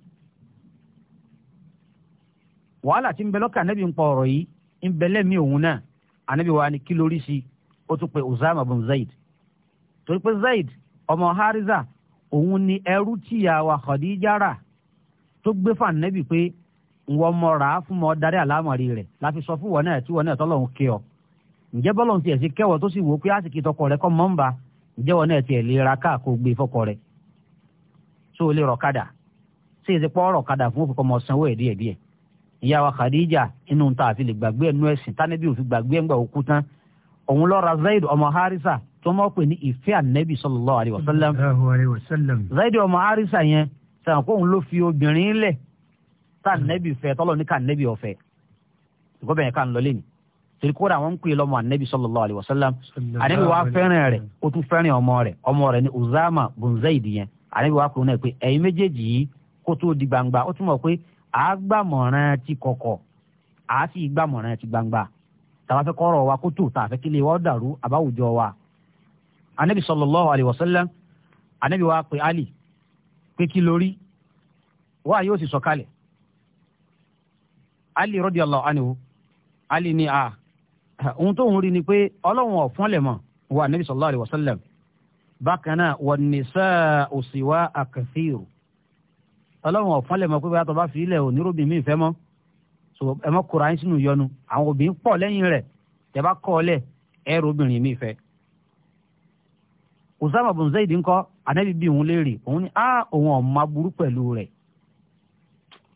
wàhálà tí ń bẹ lọ́kàn ànábì ń pa ọ̀rọ̀ yìí ń bẹ lẹ́mìí òun náà ànábì wa ni kí lórí sí ó tún pe usama bin zaid torí pé zaid ọmọ hariza òun ni ẹrú tíya wa Khadija rà tó gbé fànẹ́bì pé wọ́n mọ̀ra fún mọ́ darí àlámọ̀rí sọ fún wọn náà tí wọn náà kí ọ. ǹjẹ́ bọ́lọ̀ tiẹ̀ sí kẹwọ́ tó sì wò ó pé àsìkò wọn náà tiẹ̀ lè ra gbé tó o lè rọ̀ kadà èsì pọ́ rọ̀ fún òfin kọ́ mọ́ sanwó ẹ̀ díẹ̀ ìyá wa inú ta lè gbàgbé tó mọ̀ pé ní ìfẹ́ ànẹ́bí sallallahu alaihi wasallam. Zaidi ọmọ Arisa yẹn sàn kó òun ló fi obìnrin lẹ̀ tá ànẹ́bí fẹ́ tọ́lọ̀ ní ká ànẹ́bí ọ̀fẹ́. ko bẹ̀yẹn ká ń sallallahu alaihi wasallam. wa ọmọ ọmọ rẹ̀ Uzama bun Zaidi yẹn. Ànẹ́bí wa kùnú di gbangba ti ti gbangba. anabi sallallahu alayhi wa sallam anabi wa pe ali pé kí lórí wá yóò sì sọ̀kalẹ̀ ali radiyallahu anhu ali ni a ah, ohun tó ń rí ni pé ọlọ́run ọ̀fọ́nlẹ̀ mọ̀ wà anabi sallallahu alayhi wa sallam bákan náà wà nisa'u siwa'a kathiru ọlọ́run ọ̀fọ́nlẹ̀ mọ̀ pé bá tọ́ bá fi ilẹ̀ onírúbìn mí fẹ́ mọ́ so ẹ mọ́ kóra yín sínú yọnu àwọn obìnrin pọ̀ lẹ́yìn rẹ̀ tẹ́ bá kọ́ ọ lẹ̀ ẹ rọ obìnrin mí Usama bin Zaid ńkọ́ anabi bí òun léèrè òun ni ah òun ọ̀ma burú pẹ̀lú rẹ̀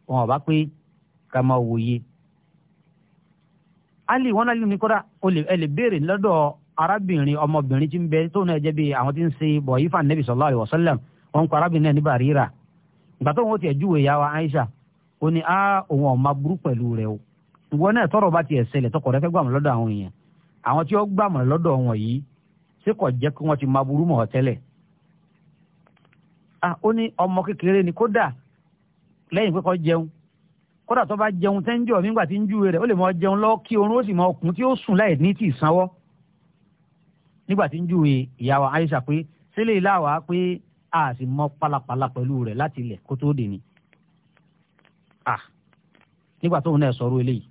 òun ọ̀bá pé ká máa wòye. Ali wọn lálẹ́ nìkọ́dá ẹ lè béèrè lọ́dọ̀ arábìnrin ọmọbìnrin tí ń bẹ tóun náà jẹ́ bí àwọn tí ń ṣe bọ̀ yìí fà nẹ́bí sallallahu alaihi wasallam wọn kọ arábìnrin náà ní Bàrírà ìgbà tó wọn ti ẹ̀jú ìyá wa Aisha ó ní á ah, òun ọ̀ma burú pẹ̀lú rẹ̀ o ìwọ náà tọrọ bá ti ẹ̀ ṣẹlẹ̀ tọkọ rẹ fẹ́ gbàmọ̀ lọ́dọ̀ àwọn èèyàn àwọn tí ó gbàmọ̀ lọ́dọ̀ wọn yìí ṣé kò jẹ́ kí wọ́n ti máa burú mọ̀ ọ́ tẹ́lẹ̀ ah ó ní ọmọ kékeré ni kódà lẹ́yìn pé kó jẹun kódà tó bá jẹun tẹ́ńjọ́ nígbà tí ń júwe rẹ̀ ó lè máa jẹun lọ kí oorun ó sì máa kún tí ó sùn láì ní tì sanwó nígbà tí ń júwe ìyàwó Aisha pé sílẹ̀ ìlàwà pé a sì mọ pálapàla pẹ̀lú rẹ̀ láti ilẹ̀ kó tóó dè ah nígbà tóun náà sọ̀rọ̀ eléyìí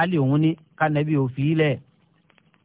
Ali òun ní kánẹ́bí òfin ilẹ̀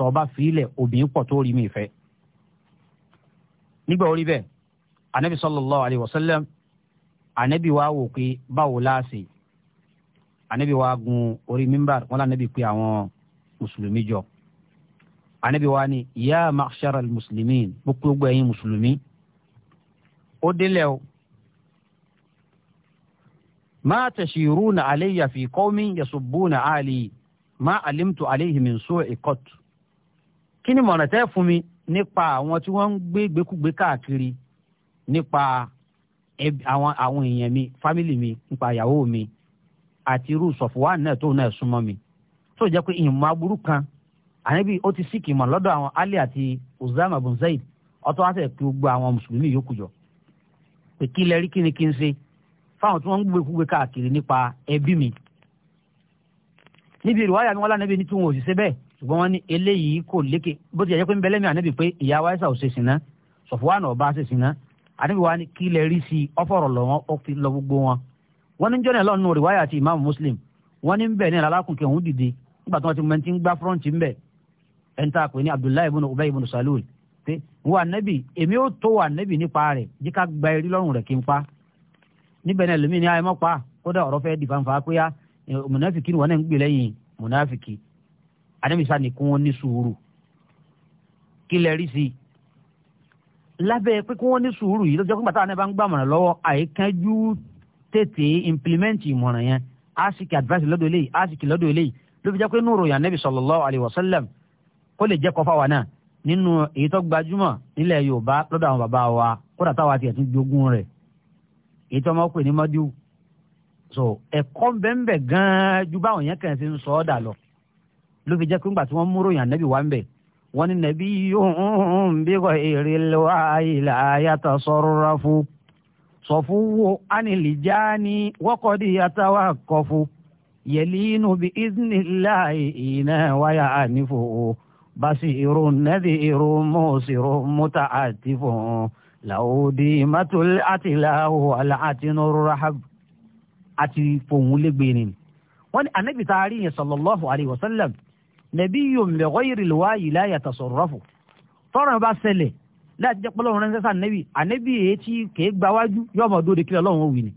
tọ́ba fìlẹ̀ obìnrin pọ̀ tó rí mi fẹ́. nígbà orí bẹ́ẹ̀ anabi sallallahu alayhi wa sallam anabi wa wò pé báwo láàṣì anabi wa gun orí mímbàr wọn lànà bí pé àwọn mùsùlùmí jọ anabi wa ni ya ma'shara al-muslimin gbogbo ẹ̀yin mùsùlùmí ó délẹ̀ o ma tashiruna alayya fi qawmin yasubbuna ali ma alimtu alayhi min su'i qat kí ni mọ̀nà tẹ́ fún mi nípa àwọn tí wọ́n ń gbé gbékúgbé káàkiri nípa àwọn àwọn èèyàn mi fámìlì mi nípa ìyàwó mi àti irú sọ̀fùwà náà tó náà súnmọ́ mi tó jẹ́ pé ìmọ̀ aburú kan àníbi ó ti síkì mọ̀ lọ́dọ̀ àwọn Ali àti Uzama bin Zaid ọtọ́ wá sẹ̀ kí gbogbo àwọn mùsùlùmí yòókù jọ pé kí lẹ́rí kí ni kí n ṣe fáwọn tí wọ́n ń gbégbé káàkiri nípa ẹbí mi níbi ìrìwáyà mi wọ́n lánàá bí ní tí wọn ò sì ṣe bẹ́ẹ̀ ṣùgbọ́n wọ́n ní eléyìí kò lékè bó ti yẹ pé ń bẹ́lẹ́mì ànábì pé ìyá wa ẹ̀sà ò ṣe sìnà sọ̀fọ̀wánà ọba ṣe sìnà ànábì wa ní kí lè rí sí ọ̀fọ̀rọ̀ lọ wọn ó fi lọ gbogbo wọn. wọ́n ní jọ́nà lọ́nù rìwáyà àti ìmáàmù muslim wọ́n ní bẹ́ẹ̀ ní alákùnkè òun dìde nígbà tí wọ́n ti mẹ́tí ń gbá fúrọ́ǹtì ńbẹ̀ ẹ̀ńtà pé ní abdullahi ibùnú ubay ibùnú salul pé wọ́n ànábì èmi ó tó wà ànábì nípa rẹ̀ jí ká gba eh, ni wọ́n náà ń gbé ànábìsá ni kí wọ́n ní sùúrù kí lẹ rí sí i lábẹ́ pé kí wọ́n ní sùúrù yìí lọ́jọ́ pípa táwọn ẹ bá ń gbàmọ̀ràn lọ́wọ́ àìkánjú tètè implement ìmọ̀ràn yẹn asiki advice lọ́dọ̀ eléyìí asiki lọ́dọ̀ eléyìí ló fi jẹ́ pé nùrù yàn nẹ́bi sallallahu alaihi wasallam kó lè jẹ́ kọfà wa náà nínú èyí tó gbajúmọ̀ nílẹ̀ yorùbá lọ́dọ̀ àwọn bàbá wa kódà táwa tiẹ̀ tún jogún rẹ̀ èyí tó máa pè ní mọ́díù so ẹ̀kọ́ bẹ́ẹ̀ bẹ́ẹ̀ gan-an ju báwọn yẹn ló fi jẹ́ pé ńgbà tí wọ́n múrò yàn nẹ́bí wá ń bẹ̀ wọ́n ní nẹ́bí yóò bí kò èrè lọ́wọ́ àìlà ayàtọ̀ sọ̀rọ̀ fún sọ̀fù wo ánìlìjà ni wọ́kọ̀ dì àtàwà kọ̀ fún yẹlínu bí ìdínlá ìná wáyà ànífò basi irú nẹ́bí irú mọ́ọ̀sìrò mọ́ta àti fún làwòdì mátòlì àtìláwò àlàátínú rahab àti fòun lẹ́gbẹ̀ẹ́ ni wọ́n ní anábìtá rí yẹn sallallahu alayhi nabiyyun bi ghayril wahyi la yatasarrafu tọ́rọ̀ bá ṣẹlẹ̀ láti jẹ́ pé Ọlọ́run ránṣẹ́ sànẹ́bì ànẹ́bì èyí tí kèé gba wájú yóò mọ̀ dóde kí Ọlọ́run òwì ni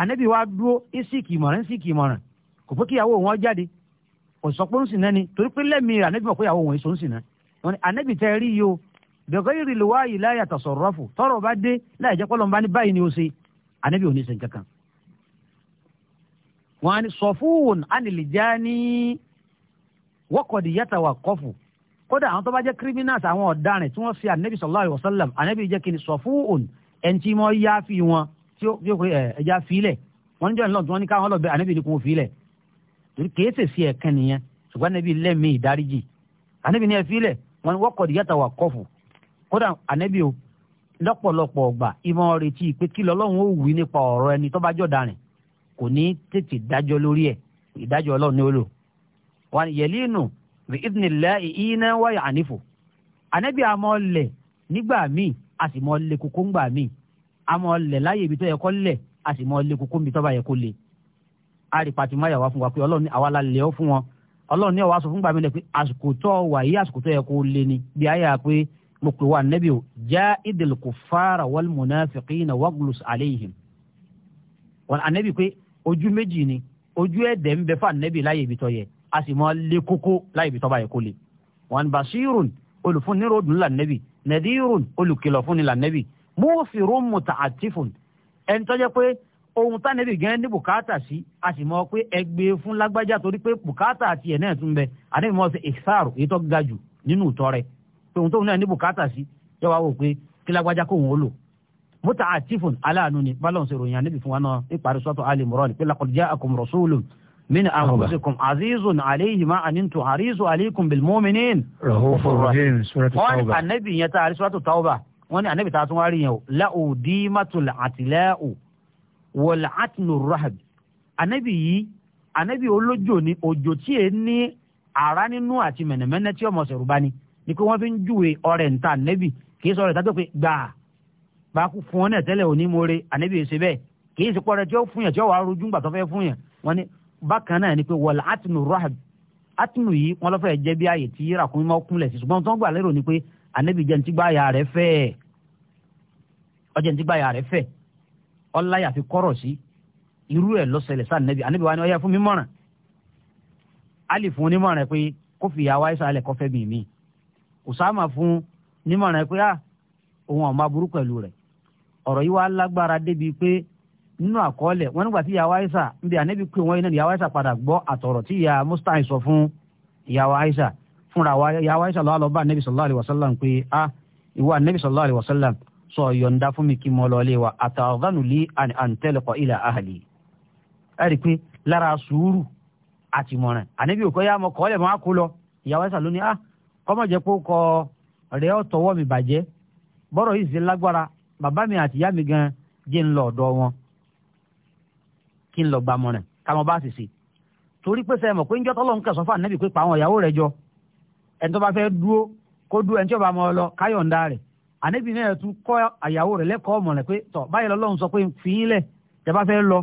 ànẹ́bì wa dúró ìsìkì ìmọ̀ràn ìsìkì ìmọ̀ràn kò pé kíyàwó wọn jáde kò sọ pé ń sìn náà ni torí pé lẹ́mìí ànẹ́bì mọ̀ pé ìyàwó wọn èso ń wọn ni ànẹ́bì rí yìí o bẹ̀gọ́ ìrìlẹ̀ wáyìí láyà tasarrufu tọ́rọ̀ bá dé láì jẹ́ pé Ọlọ́run bá ní báyìí ni ó ṣe ànẹ́bì ò ní ṣe wọn á ní sọfún anìlìjáni wọ́kọ̀dì yàtà wà kọ́fù kódà àwọn tó bá jẹ́ criminals àwọn ọ̀daràn tí wọ́n ṣe ànábì sallallahu alaihi wasallam ànábì jẹ́ kí ni sọfún ẹni tí wọ́n yá fi wọn tí ó pé ẹja fílẹ̀ wọ́n jọ nílọ́ọ̀tún wọn ní káwọn ọlọ́ọ̀bẹ ànábì ni kò fílẹ̀ torí kìí ṣèṣì nìyẹn ṣùgbọ́n ànábì lẹ́mìí ìdáríjì ànábì ni ẹ fílẹ̀ wọn wọ́kọ̀dì yàtà wà kọ́fù kódà ànábì o lọ́pọ̀lọpọ̀ ọgbà ìmọ̀ retí pé kí lọ́lọ́run ó kò ní tètè dájọ́ lórí ẹ̀ ìdájọ́ ọlọ́run ni ó lò. wọn yẹlínu bí ìdìnnìlá ìyínà wáyà ànífò ànábì àmọ́ lẹ̀ nígbà míì a sì mọ́ lé kókó ńgbà míì àmọ́ lẹ̀ láyè ibi tó yẹ kọ́ lẹ̀ a sì mọ́ lé kókó ńbi tó bá yẹ kó lè. a rí pati máyà wá fún wa pé ọlọ́run ní àwa la lẹ̀ fún wọn ọlọ́run ní ọ̀wá sọ fún gbàmílẹ̀ pé ojú méjì ni ojú ẹ̀dẹ̀ ń bẹ fún ànẹ́bì láyé ibi tọ́ yẹ a sì mọ́ lé kókó láyé ibi tọ́ bá yẹ kó le. wọn basirun olùfúnnirodun lànẹ́bì nadirun olùkìlọ̀ fúnni lànẹ́bì mufirun muta'atifun ẹni tọ́jẹ́ pé ohun tánẹ́bì gẹ́gẹ́ ní bùkátà sí a sì mọ́ pé ẹgbẹ́ e fún lágbájá torí pé bùkátà àti ẹ̀ náà tún bẹ àdébì mọ́ ṣe ìsáàrò èyí tó ga jù nínú ìtọ́ rẹ̀ pé ohun tóun náà ní bùkátà sí yọ múta àtìfún aláàánú ni bálọ̀ ṣe ròyìn àníbì fún wa náà ìparí sọ́tọ̀ alẹ́ mọ́rọ́ ni pé laqad ja'akum rasulun min anfusikum azizun alayhi ma anantum harisun alaykum bil mu'minin. rahufur rahim suratu tauba. wọ́n ní ànábì taari suratu tauba wọ́n ní ànábì taatun wárí yẹn o la'udimatul atila'u wal atnu rahab ànábì yìí ànábì olójó ni òjò tí è ara nínú àti mẹ̀nẹ̀mẹ́nẹ́ tí ọmọ ni pé wọ́n fi ń júwe ọrẹ̀ ń ta ànábì kì tó pé gbàá bá kú fún ọ náà tẹ́lẹ̀ òní moore ànábì èsè bẹ́ẹ̀ kì í sèpọ̀ rẹ tí ó fún yàn tí ó wàá rojú ńgbà tó fẹ́ fún yàn wọn ni bákan náà ni pé wọlé àtinú rahab àtinú yìí wọn lọ́fẹ̀ẹ́ jẹ́ bí ààyè tí ràkúnmí máa kúnlẹ̀ sí ṣùgbọ́n tó ń gbà lérò ni pé ànábì jẹ́ ntí gbáyà rẹ fẹ́ ọjẹ́ ntí gbáyà rẹ fẹ́ ọláyà fi kọ́rọ̀ sí irú ẹ̀ lọ́sẹ̀lẹ̀ sáà ànábì ànábì wa ni ọyẹ Usama fún onímọ̀ràn pé ah òun ọ̀ ọ̀rọ̀ yìí wá lágbára débi pé nínú àkọọ́lẹ̀ wọn nígbà tí ìyàwó Aisha ń bẹ ànẹ́bí pé wọ́n iná ìyàwó Aisha padà gbọ́ àtọ̀rọ̀ tí ìyá Musta'in sọ fún ìyàwó Aisha fúnra wa ìyàwó Aisha lọ́wọ́ lọ́ba ànẹ́bí sallallahu alaihi wasallam pé a ah, ìwọ ànẹ́bí sallallahu alaihi wasallam sọ yọ̀ǹda fún mi kí mo lọ lé wa àtàdánù lé àǹtẹ̀lẹ̀kọ̀ ila ẹ rí i pé lára sùúrù àti mọ̀ràn ànẹ́bí yá bàbá mi àti ìyá mi gan jẹ́ ń lọ ọ̀dọ̀ wọn kí n lọ gbàmọ̀ràn káwọn bá sì ṣe torí pé sẹ́yìn mọ̀ pé ń jọ́ tọ́lọ́ ń kẹsàn fún ànábì pé pa àwọn ìyàwó rẹ̀ jọ ẹni tó bá fẹ́ dúró kó dúró ẹni tí ó bá mọ ọ lọ káyọ̀ǹda rẹ̀ ànábì náà tún kọ́ àyàwó rẹ̀ lẹ́kọ̀ọ́ ọmọràn pé tọ̀ báyìí lọ́lọ́run sọ pé fi lẹ̀ tẹ́ bá fẹ́ lọ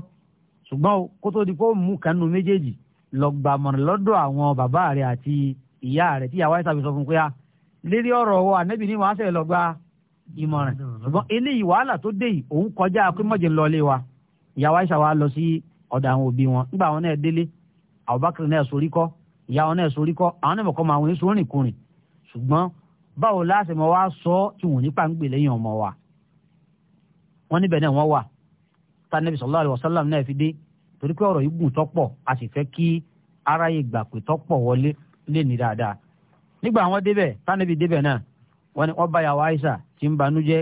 ṣùgbọ́n o kó tó di pé ó mú kánú méjèèjì lọ gbàmọ̀ràn lọ́dọ̀ àwọn bàbá rẹ̀ àti ìyá rẹ̀ tí ìyàwó ẹ̀ tàbí sọ fún pé a ah, lérí ọ̀rọ̀ ànábì ní wàá sẹ̀ lọ gba ìmọ̀ràn ṣùgbọ́n eléyìí wàhálà tó dé yìí òun kọjá pé mọ̀jẹ̀ lọlé wa ìyàwó Aisha wa lọ sí ọ̀dọ̀ àwọn òbí wọn nígbà àwọn náà délé Abubakar náà sorí kọ́ ìyàwó náà sorí kọ́ àwọn náà mọ̀kọ́ máa wọn èso rìn kùnrin ṣùgbọ́n báwo láti mọ wá sọ tí wọn nípa ń gbè lẹ́yìn ọmọ wa wọn níbẹ̀ náà wọ́n wà tá Nabi sallallahu alaihi wasallam náà fi dé torí pé ọ̀rọ̀ yìí gùn tọ́pọ̀ a sì fẹ́ kí aráyé gbà náà wọ́n ní wọ́n bá yàwó àìsà tí ń banújẹ́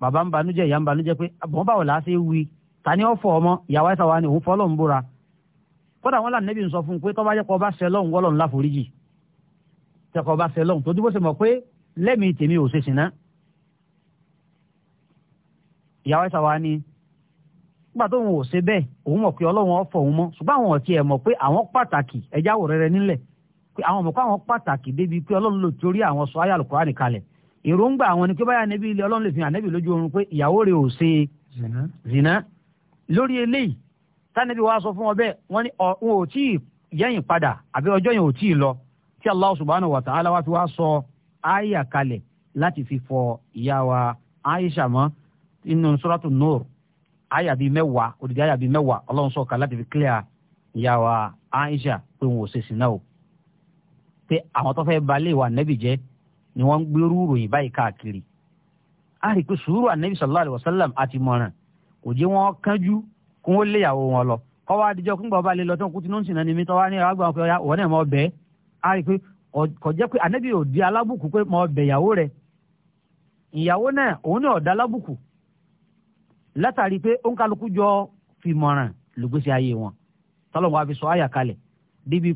bàbá ń banújẹ́ ìyá ń banújẹ́ pé àbọ̀n báwo la ṣe wí ta ni ó fọ ọmọ ìyàwó àìsà wa ni òun fọlọ́ ń búra kódà wọn lànà níbi ń sọ fún un pé tọ́ba jẹ́ kọ́ bá ṣe lọ́hùn wọ́lọ́hùn láforíjì tẹ́kọ̀ bá ṣe lọ́hùn tó dúró ṣe mọ̀ pé lẹ́mìí tèmi ò ṣe ṣìnà ìyàwó àìsà wa ni nígbà tóun ò ṣe bẹ́ẹ̀ òun mọ̀ pé ọlọ́run ọ̀fọ̀ òun mọ́ ṣùgbọ́n àwọn ọ̀tí ẹ̀ mọ̀ pé àwọn pàtàkì ẹ̀jáwò rẹ̀rẹ̀ nílẹ̀ pé àwọn ọmọ káwọn pàtàkì débi pé ọlọ́run ló torí àwọn sọ ayà Al-Qur'ani kalẹ̀ èròǹgbà àwọn ni pé báyà nẹ́bí ilé ọlọ́run lè fi hàn nẹ́bí lójú oorun pé ìyàwó rẹ̀ ò ṣe zina lórí eléyìí tánẹ́bí wàá sọ fún ọ bẹ́ẹ̀ wọ́n ní òun ò tí ì yẹ́yìn padà àbí ọjọ́ yẹn ò tí lọ tí Allah subhanahu wa ta'ala wá fi wá sọ ayà kalẹ̀ láti fi fọ ìyá wa Aisha mọ́ inú suratu Nur ayà bíi mẹ́wàá òdìdí ayà bíi mẹ́wàá ọlọ́run sọ kalẹ̀ Aisha pé òun ò ṣe pé àwọn tó fẹ́ balẹ̀ ìwà nẹ́bì jẹ́ ni wọ́n ń gbérú ròyìn báyìí káàkiri a rí pé sùúrù ànẹ́bì sallallahu alaihi wasallam àti mọ̀ràn kò jẹ́ wọ́n kánjú kó wọ́n léyàwó wọn lọ kọ́ wá adijọ́ kí n gbọ́ bá lè lọ tó ń kú tí nọ́ọ̀sì náà ni mi tọ́ wá ní ẹ̀rọ àgbà wọn náà mọ̀ bẹ́ẹ̀ a rí i pé kò jẹ́ pé ànẹ́bì ò di alábùkù pé mọ̀ bẹ̀ ìyàwó rẹ̀ ìyàwó náà òun náà ọ̀dà alábùkù látàrí pé ó ń kálukú jọ fìmọ̀ràn lùgbèsè ayé wọn tọ́lọ́mù wa fi sọ àyà kalẹ̀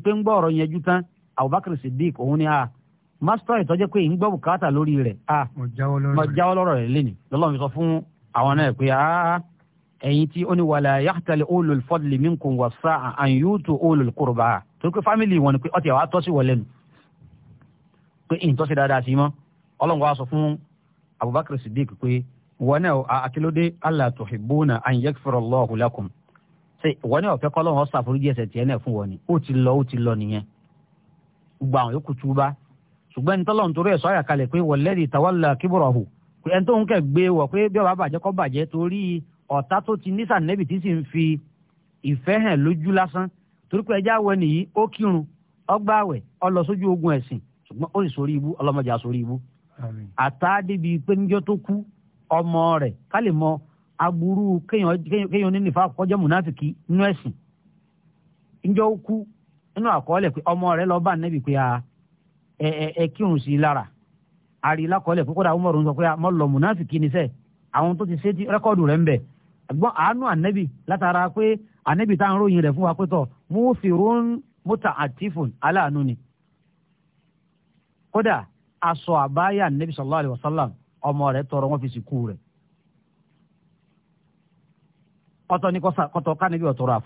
pé ń gbọ́ ọ̀rọ̀ yẹn jú tán abubakar siddiq òun ni a ah, master ìtọ́jẹ́ pé ń gbọ́ bùkátà lórí rẹ̀ a ah, mọ̀ jáwọ́ lọ́rọ̀ rẹ̀ lẹ́ni lọ́lọ́run sọ fún àwọn náà pé a ah, ẹ̀yin tí ó ní wàlà yàtàlẹ̀ olùl fọ́dìlì minkum wà sá àyùtù olùl kùrùbà tó pé fámìlì wọn ni pé ọtí àwọn atọ́sí wọlé nu pé ìtọ́sí dáadáa sí mọ́ ọlọ́run wa sọ fún abubakar siddiq pé wọn náà àkílódé alla tuhibbuna an yaghfira Allahu lakum ṣe wọn náà ọ̀fẹ́ kọ́lọ́run ọ̀sàforíjì ẹ̀ṣẹ̀ tiẹ̀ náà fún wọn ni ó ti lọ ó ti lọ nìyẹn gbogbo àwọn yòókù túbá ṣùgbọ́n ní tọ́lọ̀ nítorí ẹ̀sọ́ àyàkalẹ̀ pé walladhi tawalla kiburahu pé ẹni tó ń kẹ̀ gbé wọ̀ pé bí ọba bàjẹ́ kọ́ bàjẹ́ torí ọ̀tá tó ti ní sànẹ́bì tí sì ń fi ìfẹ́ hàn lójú lásán torí pé ẹjá wẹ nìyí ó kírun ọgbàwẹ̀ ọlọ sójú ogun ẹ̀sìn ṣùgbọ́n ó sì sórí ibú ọlọ́mọdé àsórí ibú. ọmọ rẹ̀ mọ aburú kéèyàn mùnáfìkì nínú ẹ̀sìn níjọ́ nínú àkọọ́lẹ̀ pé ọmọ rẹ̀ lọ́ọ́ bá nẹ́bi pé ẹ ẹ kírun sí i lára àrí lákọọ́lẹ̀ pé kódà Umaru ń sọ pé mọ́ lọ mùnáfìkì níṣẹ́ àwọn tó ti ṣe rẹ́kọ́ọ̀dù rẹ̀ ń bẹ̀ gbọ́n àánú ànẹ́bì látara pé ànẹ́bì tá à ń ròyìn rẹ̀ fún wa pé tọ̀ mú fìrún mọ́tà àtìfòn aláàánú ni. kódà aṣọ àbáyà ànẹ́bì sallallahu alaihi wasallam ọmọ rẹ̀ tọrọ wọn fi sìnkú rẹ̀. ọ̀tọ̀ ni kọ́tọ̀ kánẹ́bì ọ̀tọ̀rọ̀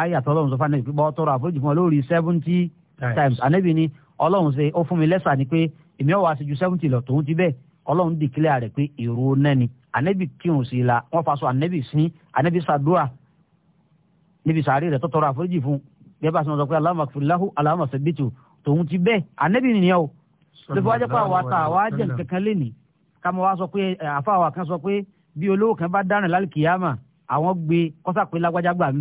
àyà tọ́lọ́run sọ fáńdé ìpínpọ̀ tọrọ àforíjì fún ọ lórí seventy times ànábì ni ọlọ́run ṣe ó fún mi lẹ́sà ni pé èmi ọ̀ wá sí ju seventy lọ tòun ti bẹ́ẹ̀ ọlọ́run dìkílẹ̀ rẹ̀ pé èrò nẹ́ni ànábì kírun sí i la wọ́n fa so ànábì sí ànábì sàdúà níbi sàárè rẹ̀ tọ́tọ́rọ àforíjì fún bẹ́ẹ̀ bá sọ pé aláwọ̀fìláhù aláwọ̀sẹ̀bìtù tòun ti bẹ́ẹ̀ ànábì nìyẹn o lọ́fọ̀ wájẹ́ pé àwa ta àwa jẹ́ kankan lénìí ká mọ wá sọ pé àfa àwa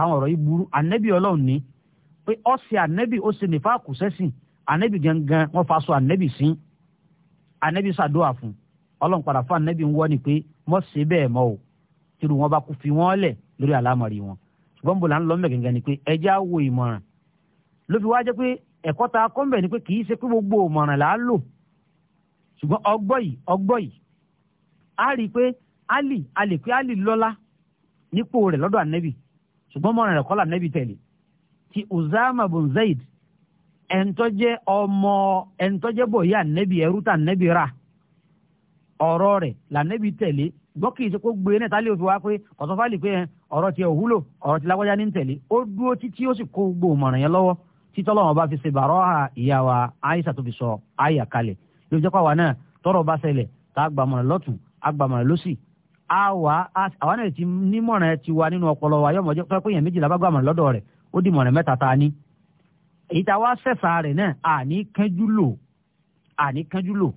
àwọn ọ̀rọ̀ yìí burú ànẹ́bí ọlọ́run ní pé ọ̀sẹ̀ ànẹ́bí ó ṣe nìfà kù sẹ́sìn ànẹ́bí gangan wọ́n fa so ànẹ́bí sí ànẹ́bí ṣàdúrà fún ọlọ́run padà fún ànẹ́bí ń wọ́ ni pé mọ́ ṣe bẹ́ẹ̀ mọ́ o tìrù wọn bá kú fi wọ́n lẹ̀ lórí àlámọ̀rí wọn ṣùgbọ́n bò láńlọ́ mẹ́ gangan ni pé ẹjẹ́ á wo ìmọ̀ràn ló fi wá jẹ́ pé ẹ̀kọ́ ta kọ́ńbẹ̀ ni pé kì í ṣe pé gbogbo ìmọ̀ràn là á lò ṣùgbọ́n ọgbọ́ yìí ọgbọ́ yìí á rí i pé Ali a pé Ali lọ́lá nípò rẹ̀ lọ́dọ̀ ànẹ́bì ṣùgbọ́n mọ̀ràn rẹ̀ kọ́là nẹ́bí tẹ̀lé ti uzama bin zaid, ẹ̀ńtọ́jẹ́ ọmọ ẹ̀ńtọ́jẹ́ bọ̀yá nẹ́bí ẹrú tà nẹ́bí ra, ọ̀rọ̀ rẹ̀ là nẹ́bí tẹ̀lé gbọ́ kì í ṣe kó gbé e náà tálẹ́ òfin wá pé ọ̀sọ́fàlì pé ọ̀rọ̀ tiẹ̀ òwúlò ọ̀rọ̀ ti lágbájá ní tẹ̀lé ó dúró títí ó sì kó gbogbo ìmọ̀ràn yẹn lọ́wọ́ títọ́ lọ́wọ́ bá fi ṣe bàárọ̀ ìyá wa Aisha tó fi sọ àyà kalẹ̀ ló jẹ́ pàwọn náà tọ́rọ̀ bá ṣẹlẹ̀ tá a gbàmọ̀ràn lọ́tún a gbàmọ̀ràn lọ́sì awa àwa náà ti nímọ̀ràn ti wa nínú ọpọlọ wa yọmọ tó pé yẹn méjìlá bá gbàmọ̀ lọ́dọ̀ rẹ̀ ó di mọ̀ràn mẹ́ta ta ni. èyí tá a wá sẹ̀sà rẹ̀ náà àní kánjú lò àní kánjú lò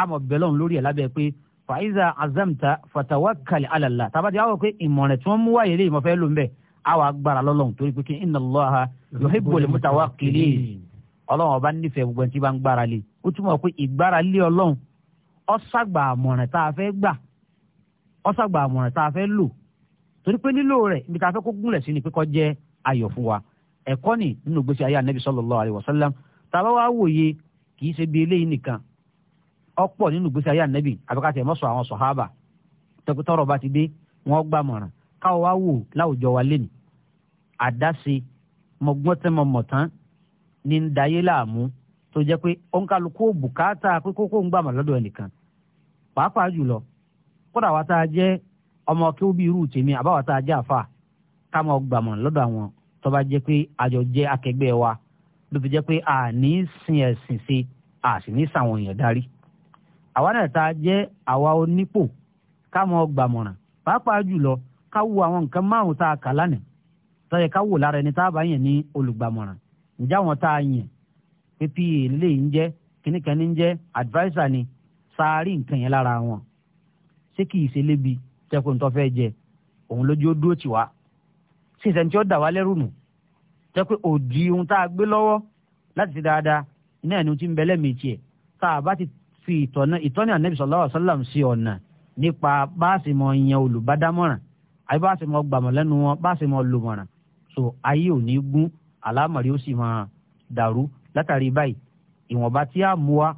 àmọ̀ bẹ́lọ̀n lórí ẹ̀ lábẹ́ pé azamta fatawakali alala Allah tábàtì kwe pé ìmọ̀ràn tí wọ́n mú wáyé lè mọ̀fẹ́ ń bẹ̀ lọ́lọ́run torí pé kí ọ̀sàgbà àmọ̀ràn tá a fẹ́ lò torí pé lílò rẹ̀ ibi tá a fẹ́ kó gúnlẹ̀ sí ni pé kọ́ jẹ́ ayọ̀ fún wa ẹ̀kọ́ ni nínú gbèsè ayé anabi sallallahu alayhi wa sallam tá a bá wá wòye kì í ṣe bí eléyìí nìkan ọ̀pọ̀ nínú gbèsè ayé anabi àbíkàtà ẹ̀ mọ́sọ̀ àwọn sọ̀hábà tọkítọ́rọ̀ bá ti dé wọ́n gbà mọ̀ràn káwọ́ wá wò láwùjọ wa lẹ́nu àdáṣe mọ̀gbọ́n tẹ́ mọ̀mọ̀tán ní pàápàá jùlọ kódà wa tá a jẹ́ ọmọ kí ó bí irú tèmi àbáwa tá a jẹ́ àfa ká máa gbàmọ̀ lọ́dọ̀ àwọn tó bá jẹ́ pé àjọ jẹ́ akẹgbẹ́ wa ló fi jẹ́ pé a ní sin ẹ̀sìn ṣe a sì ní sàwọn èèyàn darí àwa náà tá a jẹ́ àwa onípò ká máa gbàmọ̀ràn pàápàá jùlọ ká wo àwọn nǹkan márùn tá a kà lánàá tó yẹ ká wò lára ẹni tá a bá yàn ní olùgbàmọ̀ràn ǹjẹ́ àwọn tá a yàn pé pa eléyìí ń jẹ́ kíníkan ní ń jẹ́ adviser ni sáárì nǹkan yẹn lára wọn ṣé kì í ṣe lébi tẹ́kùn tó fẹ́ jẹ òun lójú ó dúró tì wá ṣé ìṣẹ́ni tí ó dà wá lẹ́rù nù tẹ́kùn òdì ohun tá a gbé lọ́wọ́ láti ṣe dáadáa iná ẹni tí ń bẹ lẹ́mìí tiẹ̀ tá a bá ti fi ìtọ́nà ìtọ́ni ànábì sallallahu alaihi sí ọ̀nà nípa bá a sì mọ yan olùbádámọ̀ràn àbí bá a sì mọ gbàmọ̀ lẹ́nu wọn bá a sì mọ lòmọ̀ràn so ayé ò ní gún àlámọ̀rí ó sì máa dàrú látàrí báyìí ìwọ̀nba tí a mú wa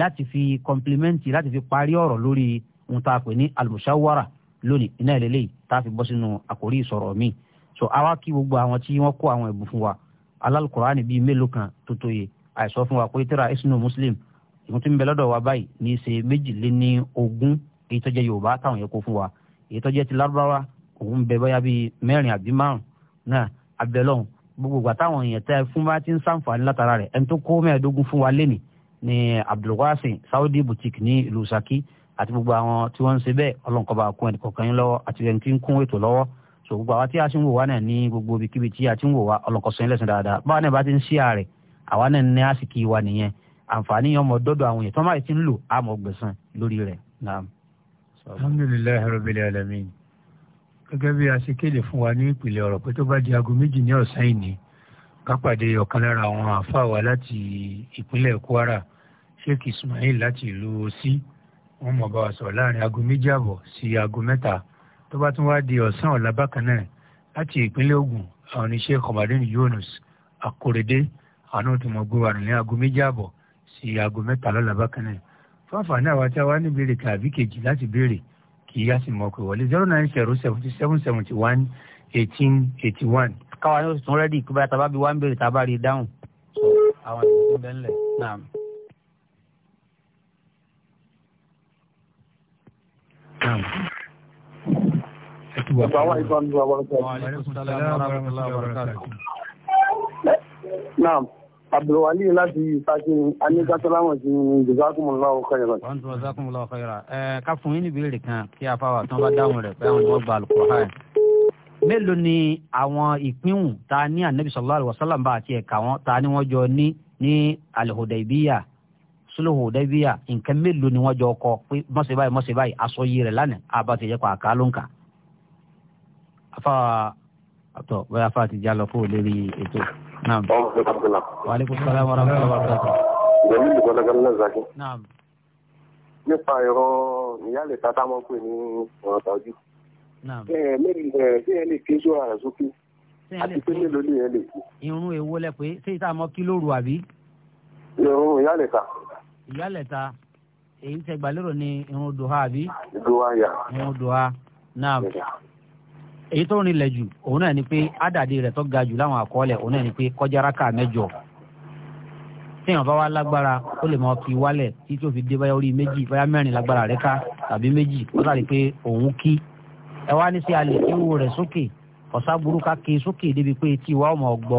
láti fi kọ́ńpìlímẹ́ǹtì láti fi parí ọ̀rọ̀ lórí ń ta pè ní alùsáwárà lónìí iná ìlélẹ́yìí tá a fi bọ́ sínú àkórí ìsọ̀rọ̀ mi so àwa kí gbogbo àwọn tí wọ́n kó àwọn ẹ̀bùn fún wa alálùkùránì bíi mélòó kan tó tó àìsọ fún wa pé tíra isnu muslim ìhun tí ń bẹ lọ́dọ̀ wa báyìí ní í ṣe méjìléní ogún èyí tó jẹ́ yorùbá táwọn yẹn kó fún wa èyí tó jẹ́ ti lárúbáwá òun bẹ bóyá bíi mẹ́rin àbí márùn náà abẹ́lọ́hùn gbogbo ìgbà táwọn èèyàn tẹ́ fún bá ti ń sàǹfààní látara rẹ̀ ẹni tó kó mẹ́ẹ̀ẹ́dógún fún wa lénìí ní abdulwasi saudi boutique ní ìlú saki àti gbogbo àwọn tí wọ́n ń ṣe bẹ́ẹ̀ ọlọ́nkọ́ba kún ẹnì kọ̀ọ̀kan yín lọ́wọ́ àti ẹni tí ń kún ètò lọ́wọ́ so gbogbo àwa tí a ti ń wò wá náà ní gbogbo ibikíbi tí a ti ń wò wá ọlọ́nkọ́sọ yín lẹ́sìn dáadáa báwa náà bá ti ń ṣí ààrẹ àwa náà ní àsìkí wa nìyẹn àǹfààní yẹn ọmọ dọ́dọ̀ àwọn èèyàn tó máa ti ń lò á mọ̀ gbẹ̀sán lórí rẹ̀ náà. wa ní ìpìlẹ̀ ọ̀rọ̀ pé tó bá di aago Ismail láti ìlú sí wọn mọ̀ bá wa sọ̀rọ̀ láàrin aago méjì àbọ̀ sí aago mẹ́ta tó bá tún wá di ọ̀sán ọ̀la bákan náà láti ìpínlẹ̀ Ògùn àwọn oníṣẹ́ Kọ̀mádín Yunus Akóredé àwọn náà tún mọ̀ gbé wa rìn ní aago méjì àbọ̀ sí aago mẹ́ta lọ́la bákan náà fún àǹfààní àwa tí a wá ní ìbéèrè kàbí kejì láti béèrè kì yá sí mọ̀ pé wọlé zero nine zero seventy seven seventy one eighteen eighty one. káwa yóò tún rẹ́dì kí bá a ta bá bí wá ń béèrè tá rí i dáhùn. àwọn ìdílé ń bẹ́ńlẹ̀ náà. Naam. Abdulwali láti Ìfàkín Anígbàtọ́láwọ̀n sí Jazakumullahu khairan. Wọ́n tún Jazakumullahu khairan. Ẹ ká fún yín ní ìbéèrè kan kí afáwà tán bá dáhùn rẹ̀ pé àwọn ni wọ́n gba Al-Qur'an. Mélòó ni àwọn ìpínwùn ta ní Ànábì sallallahu alaihi wasallam bá àti ẹ̀ka wọn ta ni wọ́n jọ ní ní Al-Hudaybiyah? sulhu Hudaybiya nǹkan mélòó ni wọ́n jọ kọ pé mọ̀sẹ̀ báyìí mọ̀sẹ̀ báyìí aṣọ yìí rẹ̀ lánàá àbá yẹ kó àká ló ń kà. afa àtọ̀ bóyá afa ti já lọ kó o lè rí ètò náà. wàhálẹ́kùn sọ́lá wàrà wàrà wàrà wàrà. ìyẹn ní ìgbọ́dọ̀gán náà zaki. nípa ẹ̀rọ ìyáàlè tata mọ́ pé ní ọ̀rọ̀ tọ́jú. ṣé ẹ lè ké sóra rẹ̀ sókè àti pé mélòó lè ẹ irun èwo lẹ pé ṣé ìta mọ kí lóru àbí. irun ìyáàlè ta ìyálẹ̀ta èyí tẹ gbàlérò ní irun duha àbí. duha ya, irun duha náà èyí tó rinlẹ̀ jù òun náà ni pé ádàdì rẹ̀ tó ga jù láwọn àkọọ́lẹ̀ òun náà ni pé kọjá rákà mẹ́jọ téèyàn bá wá lágbára ó lè máa fi wálẹ̀ tí tó fi dé báyà orí méjì báyà mẹ́rin lágbára rẹ̀ ká tàbí méjì ó sáré pé òun kí ẹ wá ní sí alẹ́ kíwò rẹ̀ sókè ọ̀sá burúkú ké sókè débi pé tí ìwà ọmọ ọgbọ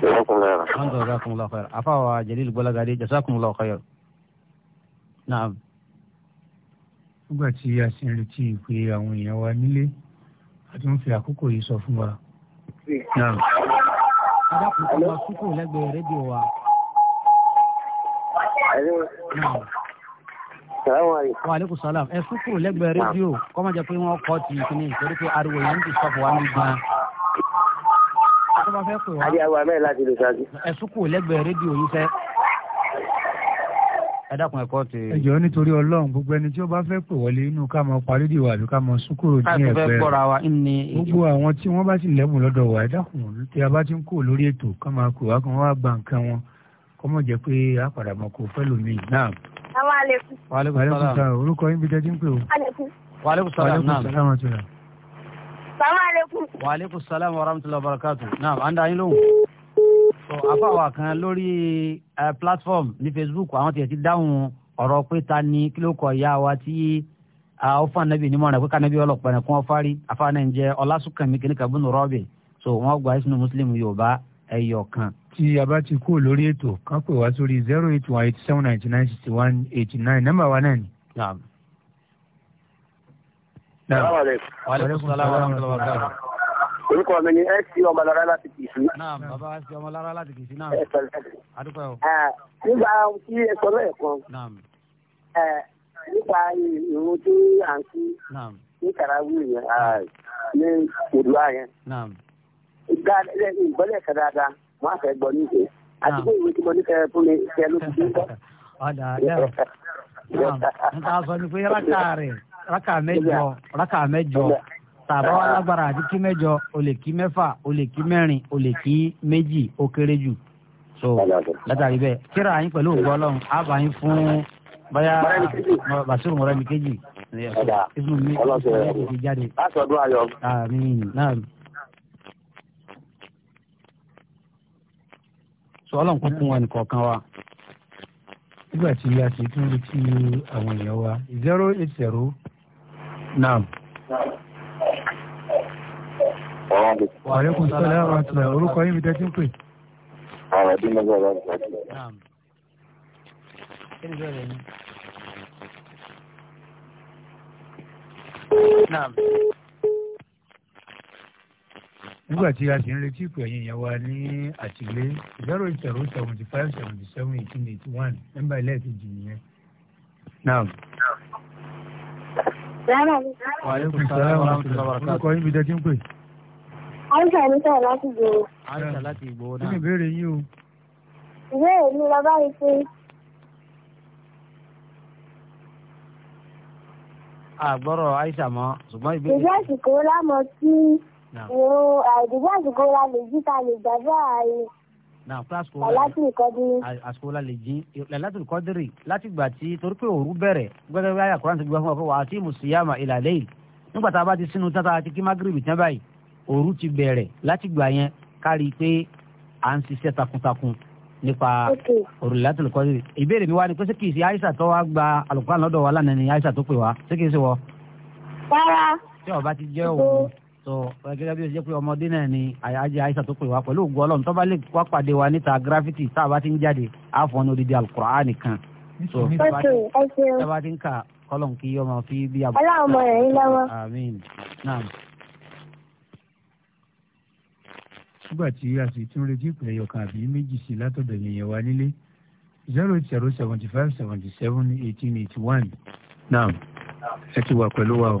jazakumullahu khair afawa jalil gbọlagadé jazakumullahu khair naam. nígbà tí a sì ń retí ìpè àwọn èèyàn wa nílé a ti ń fi àkókò yìí sọ fún wa. naam. adákùn kò wá kókò lẹ́gbẹ̀ẹ́ rédíò wa. naam. Wa aleykum salaam. Ẹ kúkúrú lẹ́gbẹ̀ẹ́ rédíò kọ́mọ̀jẹ́ pé wọ́n kọ́ ti ìpínlẹ̀ nítorí pé ariwo yẹn ń ti sọ̀bù wa ní tó bá fẹ́ pè wá. adé awa mẹ́rin láti lè ṣáájú. ẹ̀sùn kù lẹ́gbẹ̀ẹ́ rédíò yìí fẹ́. ẹ dákun ẹ̀kọ́ ti. ẹ nítorí ọlọ́run gbogbo ẹni tí ó bá fẹ́ pè wọlé inú ká mọ parí dìwà àbí ká mọ sùkúrò ní ẹgbẹ́ gbogbo àwọn tí wọ́n bá sì lẹ́bùn lọ́dọ̀ wa ẹ dákun tí a bá ti ń kó lórí ètò ká máa pè wá kan wá gba nǹkan wọn kọ́ mọ̀ jẹ́ pé a padà mọ̀ kó fẹ́ lómi náà. wàhálà orúkọ yín bí jẹ́ dín pé o. wàhálà orúkọ yín bí jẹ́ dín salaamaleykum. waaleykum salaam wa rahmatulah barakatu. naam an da yín lóhùn. so afáwa kan lórí platform ní facebook àwọn tiẹ̀ ti dáhùn ọ̀rọ̀ pé ta ni kí ló kọ ìyá wa tí ó fún anabi nímọ̀ràn pé kanabi ọlọ́pàá ẹ̀kún ọ̀fárí afáàná ń jẹ́ ọlásùnkànmí kìnnìkan bùnú rọ́ọ̀bì so wọ́n gba ìsinú muslim yorùbá ẹyọ kan. tí a bá ti kúrò lórí ètò ká wá sórí zero eight one eight seven ninety nine sixty one eighty nine nọ́mbà wa náà ni orúkọ mi ni ẹsì ọmọlára láti kìsì. bàbá ẹsì ọmọlára láti kìsì náà. ẹ sọlẹ. adúpẹ́ o. Ah, nígbà tí ẹ sọ lẹ́ẹ̀kan eh, nípa ìrun tí à ń kí ní kàràwì yẹn ah, ní òdùwà yẹn. ìgbàlẹ̀ ìgbọ́lẹ̀ kan dáadáa wọ́n á fẹ́ gbọ́ níṣẹ́ àti pé ìwé tí mo ní kẹ́ fún mi kẹ́ ló ti dín kọ́. ọ̀dà àdá a ta sọ ni pé rákà rẹ̀ rákà mẹ́jọ rákà wa lágbára àti kí mẹ́jọ o fa o rin o le k'i kéré jù so látàrí bẹ́ẹ̀ kira anyi pẹ̀lú ògbọ́ ọlọ́run á bá fún báyà bàṣírù mi kéjì ìfún ah, ah, mi mi so wa wa. nígbà tí a sì tún retí àwọn èèyàn wa zero eight zero nam. Wàlékún sọ́lá àwọn àtúnṣe orúkọ yín mi tẹ́tí ń pè. Àwọn ọdún mẹ́jọ ọ̀rọ̀ ọ̀gbọ̀n. Naam nígbà tí a sì ń retí ìpè ẹ̀yìn yẹn wa ní àtìlé zero eight zero seventy five seventy seven eighteen eighty one nọ́mbà ẹlẹ́ẹ̀kejì nìyẹn. naam. wàhálẹ́kùn sára wà lọ́wọ́ orúkọ yín bí dẹ́kí ń pè. àìsàn mi sọ̀rọ̀ láti ìgboro. àìsàn láti ìgboro náà. kí ni ìbéèrè yín o. ìbéèrè mi lọ bá mi pé. àgbọ̀rọ̀ àìsàn mọ́ ṣùgbọ́n ìbéèrè. ìjọ́ ìsìnkú lámọ̀ sí ìrún àìdìbò àsìkò la lè jí ta lè gbàgbọ́ ààyè. Làlátì ìkọ́dírì. Àsìkò la lè jí làlátì ìkọ́dírì láti gbà tí torí pé òru bẹ̀rẹ̀ gbẹ́gbẹ́ bí àyàkùrá ti gbà fún ọkọ̀ wà á tí mùsùlùmá ìlàlẹ́ yìí. Nígbà tá a bá ti sínú tata àti kí Mágírìbì tán báyìí, òru ti bẹ̀rẹ̀ láti gbà yẹn kárí pé à ń ṣiṣẹ́ takuntakun nípa òru làlátì ìkọ́dírì. Ìbéèrè mi wá ni pé ṣé kìí ṣe Aisha tó wá gba àlùkò àlọ́dọ̀ wa lánàá ni Aisha tó pè wá, ṣé kìí ṣe wọ? Rárá. Tí ọba ti jẹ́ òun tó gẹ́gẹ́ bí o jẹ́ pé ọmọdé náà ni àyájẹ́ àyíṣà tó pè wá pẹ̀lú ògùn ọlọ́run tó bá lè wá pàdé wa níta gírafítì tá a bá ti ń jáde á fọ́n ní odidi alukóra nìkan. tó tá a bá ti ń kà kọ́lọ̀n kí ọmọ fi bí abọ́. nígbà tí a sì tún retí ìpìlẹ̀ yọ̀kan àbí méjì sí látọ̀dọ̀ ènìyàn wa nílé zero zero seventy five seventy seven eighteen eighty one naam ẹ ti wà pẹ̀lú wa o.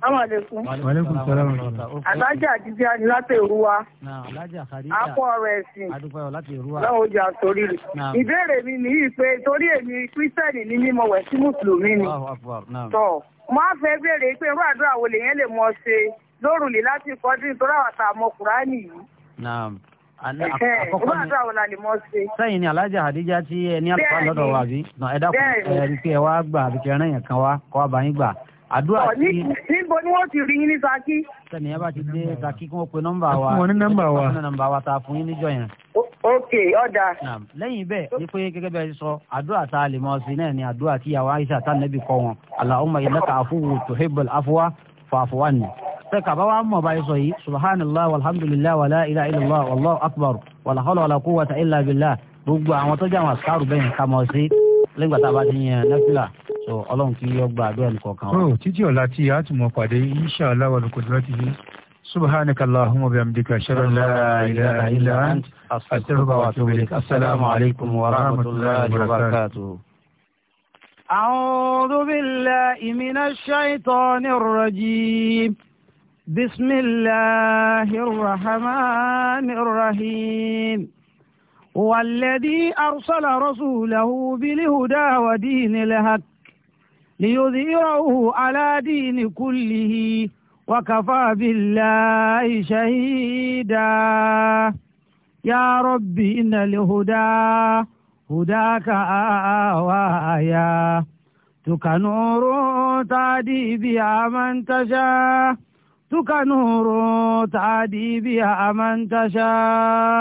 Wàlékún sọ́lá wọn. Alájà jíjẹ́ àti láti Èrúwa. Apọ̀ ọ̀rọ̀ ẹ̀sìn. Lọ́wọ́ ojú àtòrí rẹ̀. Ìbéèrè mi nìyí pé torí èmi mímọ wẹ̀ sí Tọ̀, mo á fẹ́ béèrè pé irú àdúrà wo ṣe láti torí àwọn àtàwọn sẹ́yìn ni alájà àdíjá tí ẹ ní àlùfáà lọ́dọ̀ wa bí ẹ dákun ẹ rí pé ẹ wá gbà àbí kẹrin èèyàn kan wá kọ́ àbáyín gbà àdúrà tí. níbo ni wọ́n ti rí yín ní Ṣakí. sẹ́ni ẹ bá ti dé Ṣakí kí wọ́n pe nọ́mbà wa. wọ́n ní nọ́mbà wa wọ́n ní nọ́mbà wa ta fún yín níjọ́ yẹn. ok ọ̀dà. lẹ́yìn bẹ́ẹ̀ ni pé gẹ́gẹ́ bẹ́ẹ̀ sọ àdúrà tá a lè mọ̀ sí náà ni àdúrà tí yàwá Aisha tá nẹ́bí kọ́ wọn. Allahumma innaka afuwwun tuhibbul afwa fa'fu anni tẹ́ka bá wa mọ̀ báyìí sọ yìí subhanallah walhamdulillah wala ilaha illallah wallahu akbar wala hawla wala quwwata illa billah gbogbo àwọn tó jẹ́ àwọn àṣàrù bẹ́ẹ̀ ká mọ̀ sí lẹ́gbà tá a bá ti yan nẹ́fìlà so ọlọ́run kì í yọ gba àdúrà nìkan kan. ó oh, títí ọ̀la tí a tún mọ pàdé insha allah wal qudrati subhanaka allahumma wa bihamdika ashhadu la ilaha illa ant astaghfiruka wa atubu ilaik assalamu alaykum wa rahmatullahi wa barakatuh. أعوذ بالله من الشيطان الرجيم بسم الله الرحمن الرحيم والذي أرسل رسوله بالهدى ودين الهك ليظهره على دين كله وكفى بالله شهيدا يا رب إن الهدى هداك آوايا تك نور تعدي بها من تشاء ربك نور تهدي بها من تشاء